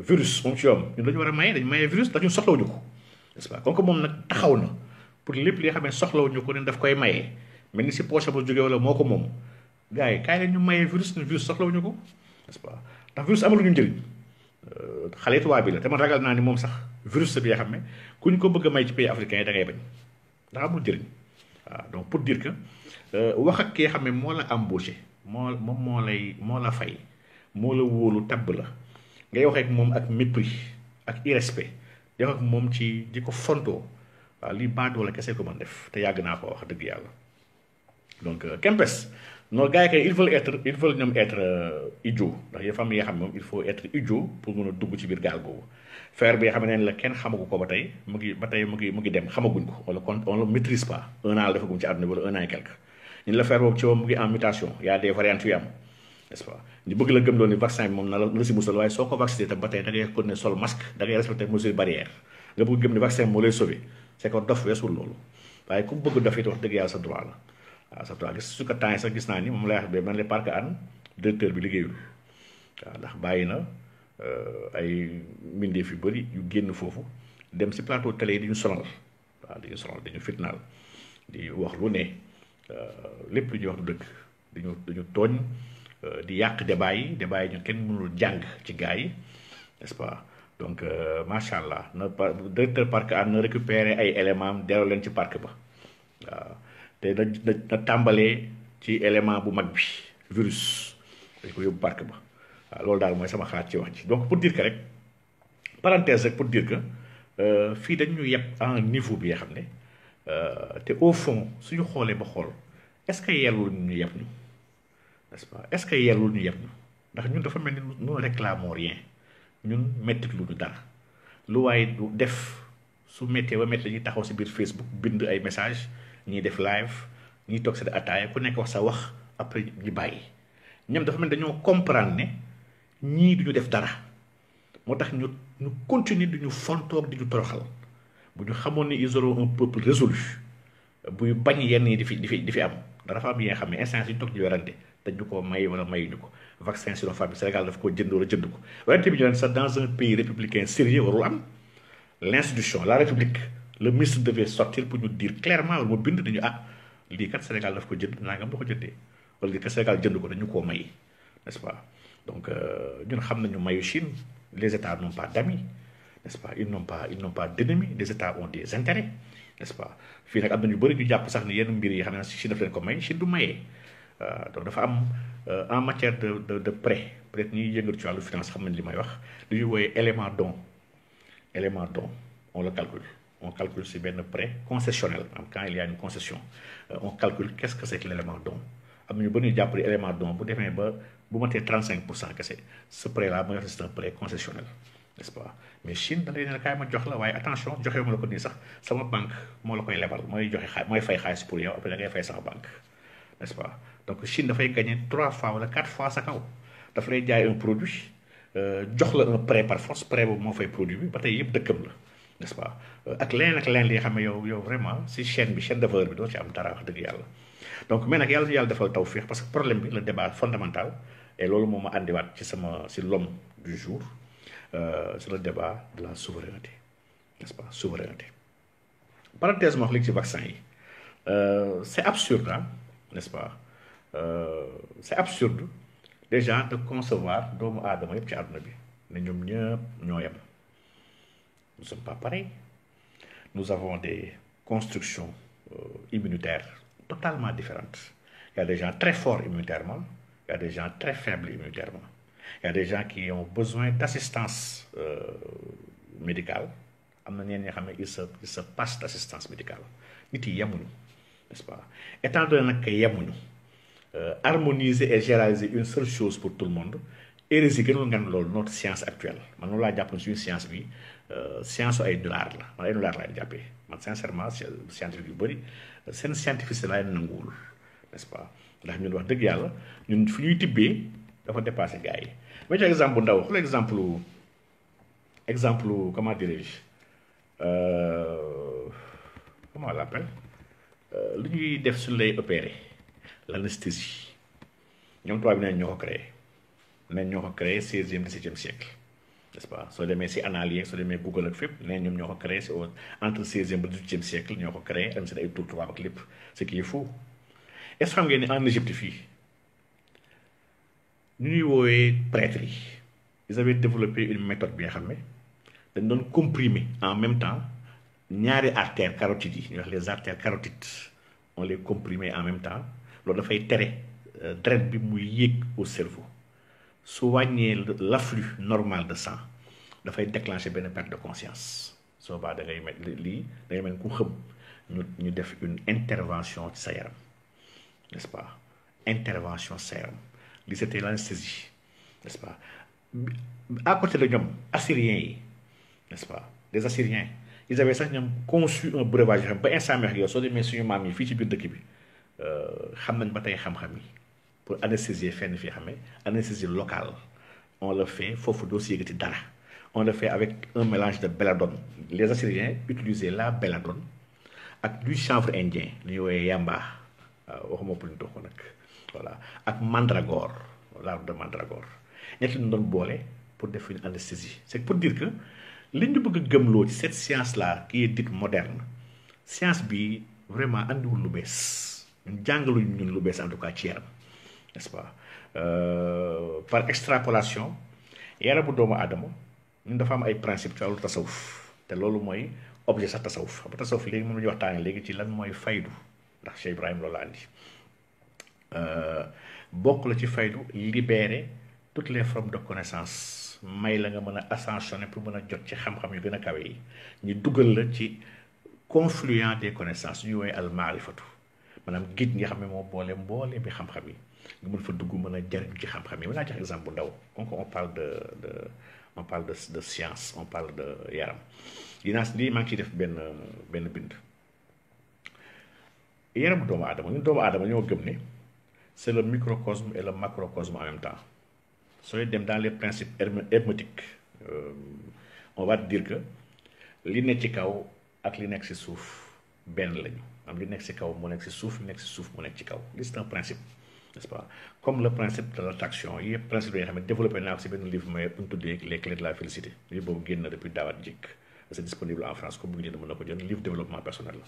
virus moom ci yoom ñun dañu war a maye dañu maye virus ndax ñun soxlawuñu ko n'est-ce pas moom nag taxaw na pour lépp li nga xam ne soxlawuñu ko ne daf koy maye mel ni si poche ba jógee wala moo ko moom gars yi kaay ñu maye virus ne virus wuñu ko n'est-ce pas ndax virus ñu njëriñ euh, xale tubaab bi la te ma ragal naa ni moom sax virus bi nga xam ne ku ñu ko bëgg a may ci pays africain yi da ngay bañ ndax amul pour dire que euh, wax ki nga xam ne moo la embauché. moo moom moo lay moo la fay moo la wóolu tabb la ngay wax ak moom ak mépris ak irrespect di wax ak moom ci di ko fontoo waaw lii baadoo la kese ko mën def te yàgg naa ko wax dëgg yàlla donc euh, Kempes noonu gars yi kay ils veulent être ils veulent ñoom être euh, idiots ndax yëpp am yoo xam ne moom il faut pour mën a dugg ci biir gaal googu fer bi nga xam ne la kenn xamagu ko ba tey mu ngi ba tey mu ngi mu ngi dem xamaguñ ko wala kon on le maîtrise pas un an la defagum ci àdduna wala un an ñu la feebar boobu ci moom mu ngi en mutation y a des variantes am n'est-ce bëgg la gëm loolu ni vaccin bi moom na la si musal waaye soo ko vacciné tam ba tey da ngay continuer sol masque da ngay respecté mesure nga bëgg gëm ni vaccin bi moo lay sauvé c'est dof weesul loolu waaye ku bëgg dof it wax dëgg yàlla sa droit la waaw sa droit gis su ko temps yi sax gis naa ni moom lay wax ba man le directeur bi liggéeyul waaw ndax bàyyi na euh, ay mbindeef yu bëri yu génn foofu dem si plateau télé yi di ñu sonal waaw di ñu sonal ne Euh, lépp lu ñuy wax du dëgg dañu dañu tooñ euh, di yàq débat yi débat yi ñu kenn mënul jàng ci gars yi n'est-ce pas donc euh, macha allah na par directeur parc am na récupérer ay éléments am delloo leen ci parc ba waaw te na na tàmbalee ci élément bu mag bi virus dañ ko yóbbu parc ba waaw loolu daal mooy sama xalaat ci wax ci donc pour dire que rek parenthèse rek pour dire que fii dañu ñu yeb en niveau bi nga xam ne. Euh, te au fond suñu xoolee ba xool est-ce que yellul ñu yeb ñu n'est-ce est-ce que yellul ñu yeb ñu ndax ñun dafa mel ni nous réclamons rien ñun mettit lu ñu dara lu waaye du def su méttee ba métti dañuy taxaw si biir Facebook bind ay message ñiy def live ñiy toog seen ataaya ku nekk wax sa wax après ñu bàyyi ñoom dafa mel ni dañoo comprendre ne ñii du def dara moo tax ñu continuer du ñu fontoog di ñu toroxal bu ñu xamoon ni ils auront un peuple résolu buy bañ yenn yi di fi di fi di fi am dafa am yi xam ne instance yi toog di werante te ñu ko may wala mayuñu ko vaccin Sinopharm bi Sénégal dafa ko jënd wala jënd ko werante bi ñu naan sax dans un pays républicain sérieux warul am l'institution ñu dire clairement mu bind dañu ah lii kat Sénégal daf ko jënd nangam la ko jëndee wala lii kat Sénégal jënd ko dañu koo may n'est-ce pas donc euh, ñun xam nañu mayu Chine les états n'ont pas d'amis n'est-ce pas ils n'ont pas ils n'ont pas d'ennemis les états ont des intérêts n'est-ce pas fii nag am na ñu bëri ñu jàpp sax ni yenn mbir yi xam ne Chine daf leen ko may Chine du euh, dafa am euh, en matière de de de prêt peut-être ñuy yëngatu ci wàllu finance xam nañ li may wax li ñuy wooyee élément don élément don on le calcule on calcule si benn prêt concessionnel am quand il y a une concession euh, on calcule qu'est-ce que c'est que l'élément don am na ñu bëri ñu don bu demee ba bu matee 35 pour cent kese ce prêt là mooy concessionnel n'est-ce pas mais Chine da ngay ne kaay ma jox la waaye attention joxe ma la ko nii sax sama banque moo la koy lebal mooy joxe xaalis mooy fay xaalis pour yow après da ngay fay sax banque n'est-ce donc Chine dafay gagner trois fois wala quatre fois sa kaw daf lay jaay un produit euh, jox la un prêt par force prêt boobu moo fay produit bi ba tey yëpp dëkkam la n'est-ce euh, ak leneen ak leneen li nga xam ne yow yow vraiment si chaîne bi chaîne de valeur bi doo ci am dara wax dëgg yàlla donc mais nag yàlla yàlla defal tawfeex parce que problème bi le débat fondamental et loolu moo ma àndiwaat ci sama si l'homme du Euh, sur le débat de la souveraineté n'est-ce pas souveraineté parenthèse moo wax léegi ci vaccin yi euh, c'est absurde ah n'est-ce pas euh, c'est absurde déjà de concevoir doomu aadama yëpp ci àdduna bi ne ñoom ñëpp ñoo yem nous sommes pas pareils nous avons des constructions immunitaires totalement différentes il y a des gens très forts immunitairement il y a des gens très faibles immunitairement y a des gens qui ont besoin d'assistance euh, am na ñeen ñoo xam ne il se il se passe d'assistance médicale nit yi yemuñu n'est-ce pas étant donné nag que yemuñu euh, harmoniser et généraliser une seule chose pour tout le monde hérésie gënul ngan loolu notre science actuelle man noonu laa jàpp suñu science bi euh, science ay la man ay dollars laay jàppee man sincèrement scientifique yu bëri seen scientifique laay nanguwul n'est-ce pas ndax ñun wax dëgg yàlla ñun fi ñuy tibbee dafa dépassé gars yi ma jox exemple bu ndaw xool exemple exemple comment dirais-je euh, comment on l'appelle euh, lu ñuy def suñu lay opérer l'anesthésie ñoom tubaab bi nee ñoo ko créé nee ñoo ko créé seizième dix-septième siècle nest pas soo demee si anal yeeg soo demee Google ak fépp nee ñoom ñoo ko créé si entre seizième ba dix-huitième siècle ñoo ko créé am seen ay tur tubaab ak lépp ce qui est fou est-ce xam ngeen ni en Égypte fii ñu ñuy woowee prêtre yi ils avaient développé une méthode bi nga xam ne dañ doon comprimer en même temps ñaari artères carotides yi ñuy wax les artères carotides on les comprimait en même temps loolu dafay tere euh, draine bi muy yéeg au cerveau su wàññee l'afflux normal de sang dafay déclencher benn perte de conscience soo baa da ngay mel lii da ngay mel ku xëm ñu ñu def une intervention ci sa yaram n'est-ce pas intervention sa yaram li c'était l'anesthésie n'est-ce pas à côté de ñoom assyriens yi n'est-ce pas les assyriens ils avaient sax ñoom conçu un breuvage yoo xam ba instant meex yow soo demee suñu maam yi fii ci biir dëkk bi euh, xam nañ ba tey xam-xam yi pour anesthésier fenn fii xamee anesthésie locale on le fait foofu doo si yëgati dara on le fait avec un mélange de belladone les assyriens utilisaient la belladone ak du chanvre indien li ñu wooyee yamba waaw waxuma pour ñu toog ko nag voilà ak mandragore l'arbre de mandragore ñett ñu doon boole pour def une anesthésie c'est pour dire que li ñu bëgg gëm gëmloo ci cette science là qui est dite moderne science bi vraiment andiwul lu bees ñun jàngaluñu ñun lu bees en tout cas ci yaram n'est-ce pas euh, par extrapolation yaramu doomu aadama ñun dafa am ay principe ci wàllu tasawuf te loolu mooy objet sax tasawuf xam nga tasawuf léegi moom la ñuy waxtaanee léegi ci lan mooy faydu ndax Cheikh Ibrahim loolu la andi. Euh, bokk la ci faydu libérer toutes les formes de connaissance may la nga mën a ascensionner pour mën a jot ci xam-xam yu gën a kawe yi ñu dugal la ci confluent des connaissances ñu woowee al maarifatu maanaam géej nga xam ne moo boole mboole bi xam-xam yi nga mën fa dugg mën a jariñ ci xam-xam yi mën naa jox exemple bu ndaw comme on parle de de on parle de de science on parle de yaram dinaa lii maa ngi ciy def benn benn bind yaramu doomu aadama ñun doomu aadama ñoo gëm ne. c'est le microcosme et le macrocosme en même temps sooy dem dans les principes hermétiques euh, on va dire que li nekk ci kaw ak li nekk ci suuf benn lañu am li nekk ci kaw mu nekk ci suuf li nekk ci suuf mu nekk ci kaw li principe nest comme le principe de l'attraction yëpp principe yi nga xam naa ko ci benn livre mais bu ñu tuddee les clés de la félicité li boobu génn depuis daawaat jikk c'est disponible en France comme bu ngeen mën na ko jël livre développement personnel la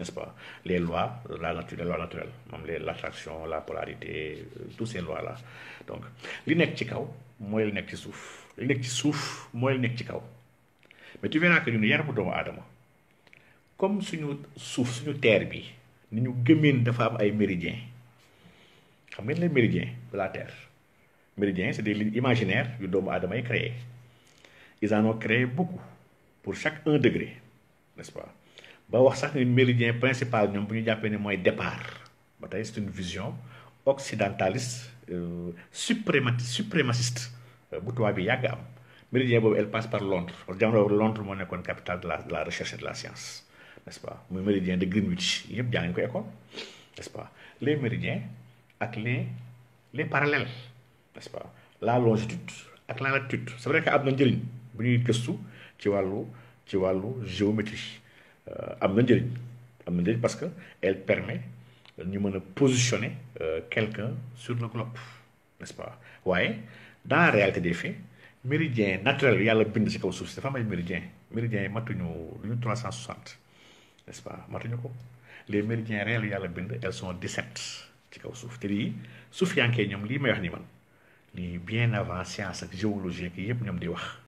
n'est-ce pas les lois la nature les lois naturelles moom les l'attraction la polarité euh, tous ces lois là donc li nekk ci kaw mooy li nekk ci suuf li nekk ci suuf mooy li nekk ci kaw mais tu verras que ñun yaramu doomu aadama comme suñu suuf suñu teer bi ni ñu gëmeen dafa am ay méridien xam ngeen les méridiens de la terre méridien c'est des lignes imaginaires yu doomu aadama yi pour chaque un degré n'est-ce pas ba wax sax ni méridien principal ñoom bu ñu jàppee ne mooy départ ba tey c'est une vision occidentaliste euh, suprémati euh, bu tubaab bi yàgg am méridien boobu elle passe par Londres jamono Londres moo nekkoon capitale de la la recherche et de la science n'est-ce pas muy méridien de Greenwich yëpp jàng nañu ko école n'est-ce pas les méridiens ak les les parallèles n'est-ce pas la longitude ak la latitude c'est vrai que am na njëriñ bu ñuy gëstu ci wàllu ci wàllu géométrie euh, am na njëriñ am na njëriñ parce que elle permet ñu mën a positionner euh, quelqu'un sur le globe n'est-ce pas waaye dans la réalité des faits méridien naturel yàlla bind ci kaw suuf si dafa am ay méridien méridien yi matuñu lu ñu trois cent soixante nest pas matuñu ko les méridiens réels yàlla bind elles sont dix-sept ci kaw suuf te lii suuf yankee ñoom lii may wax ni man lii bien avant science ak géologie ak yëpp ñoom di wax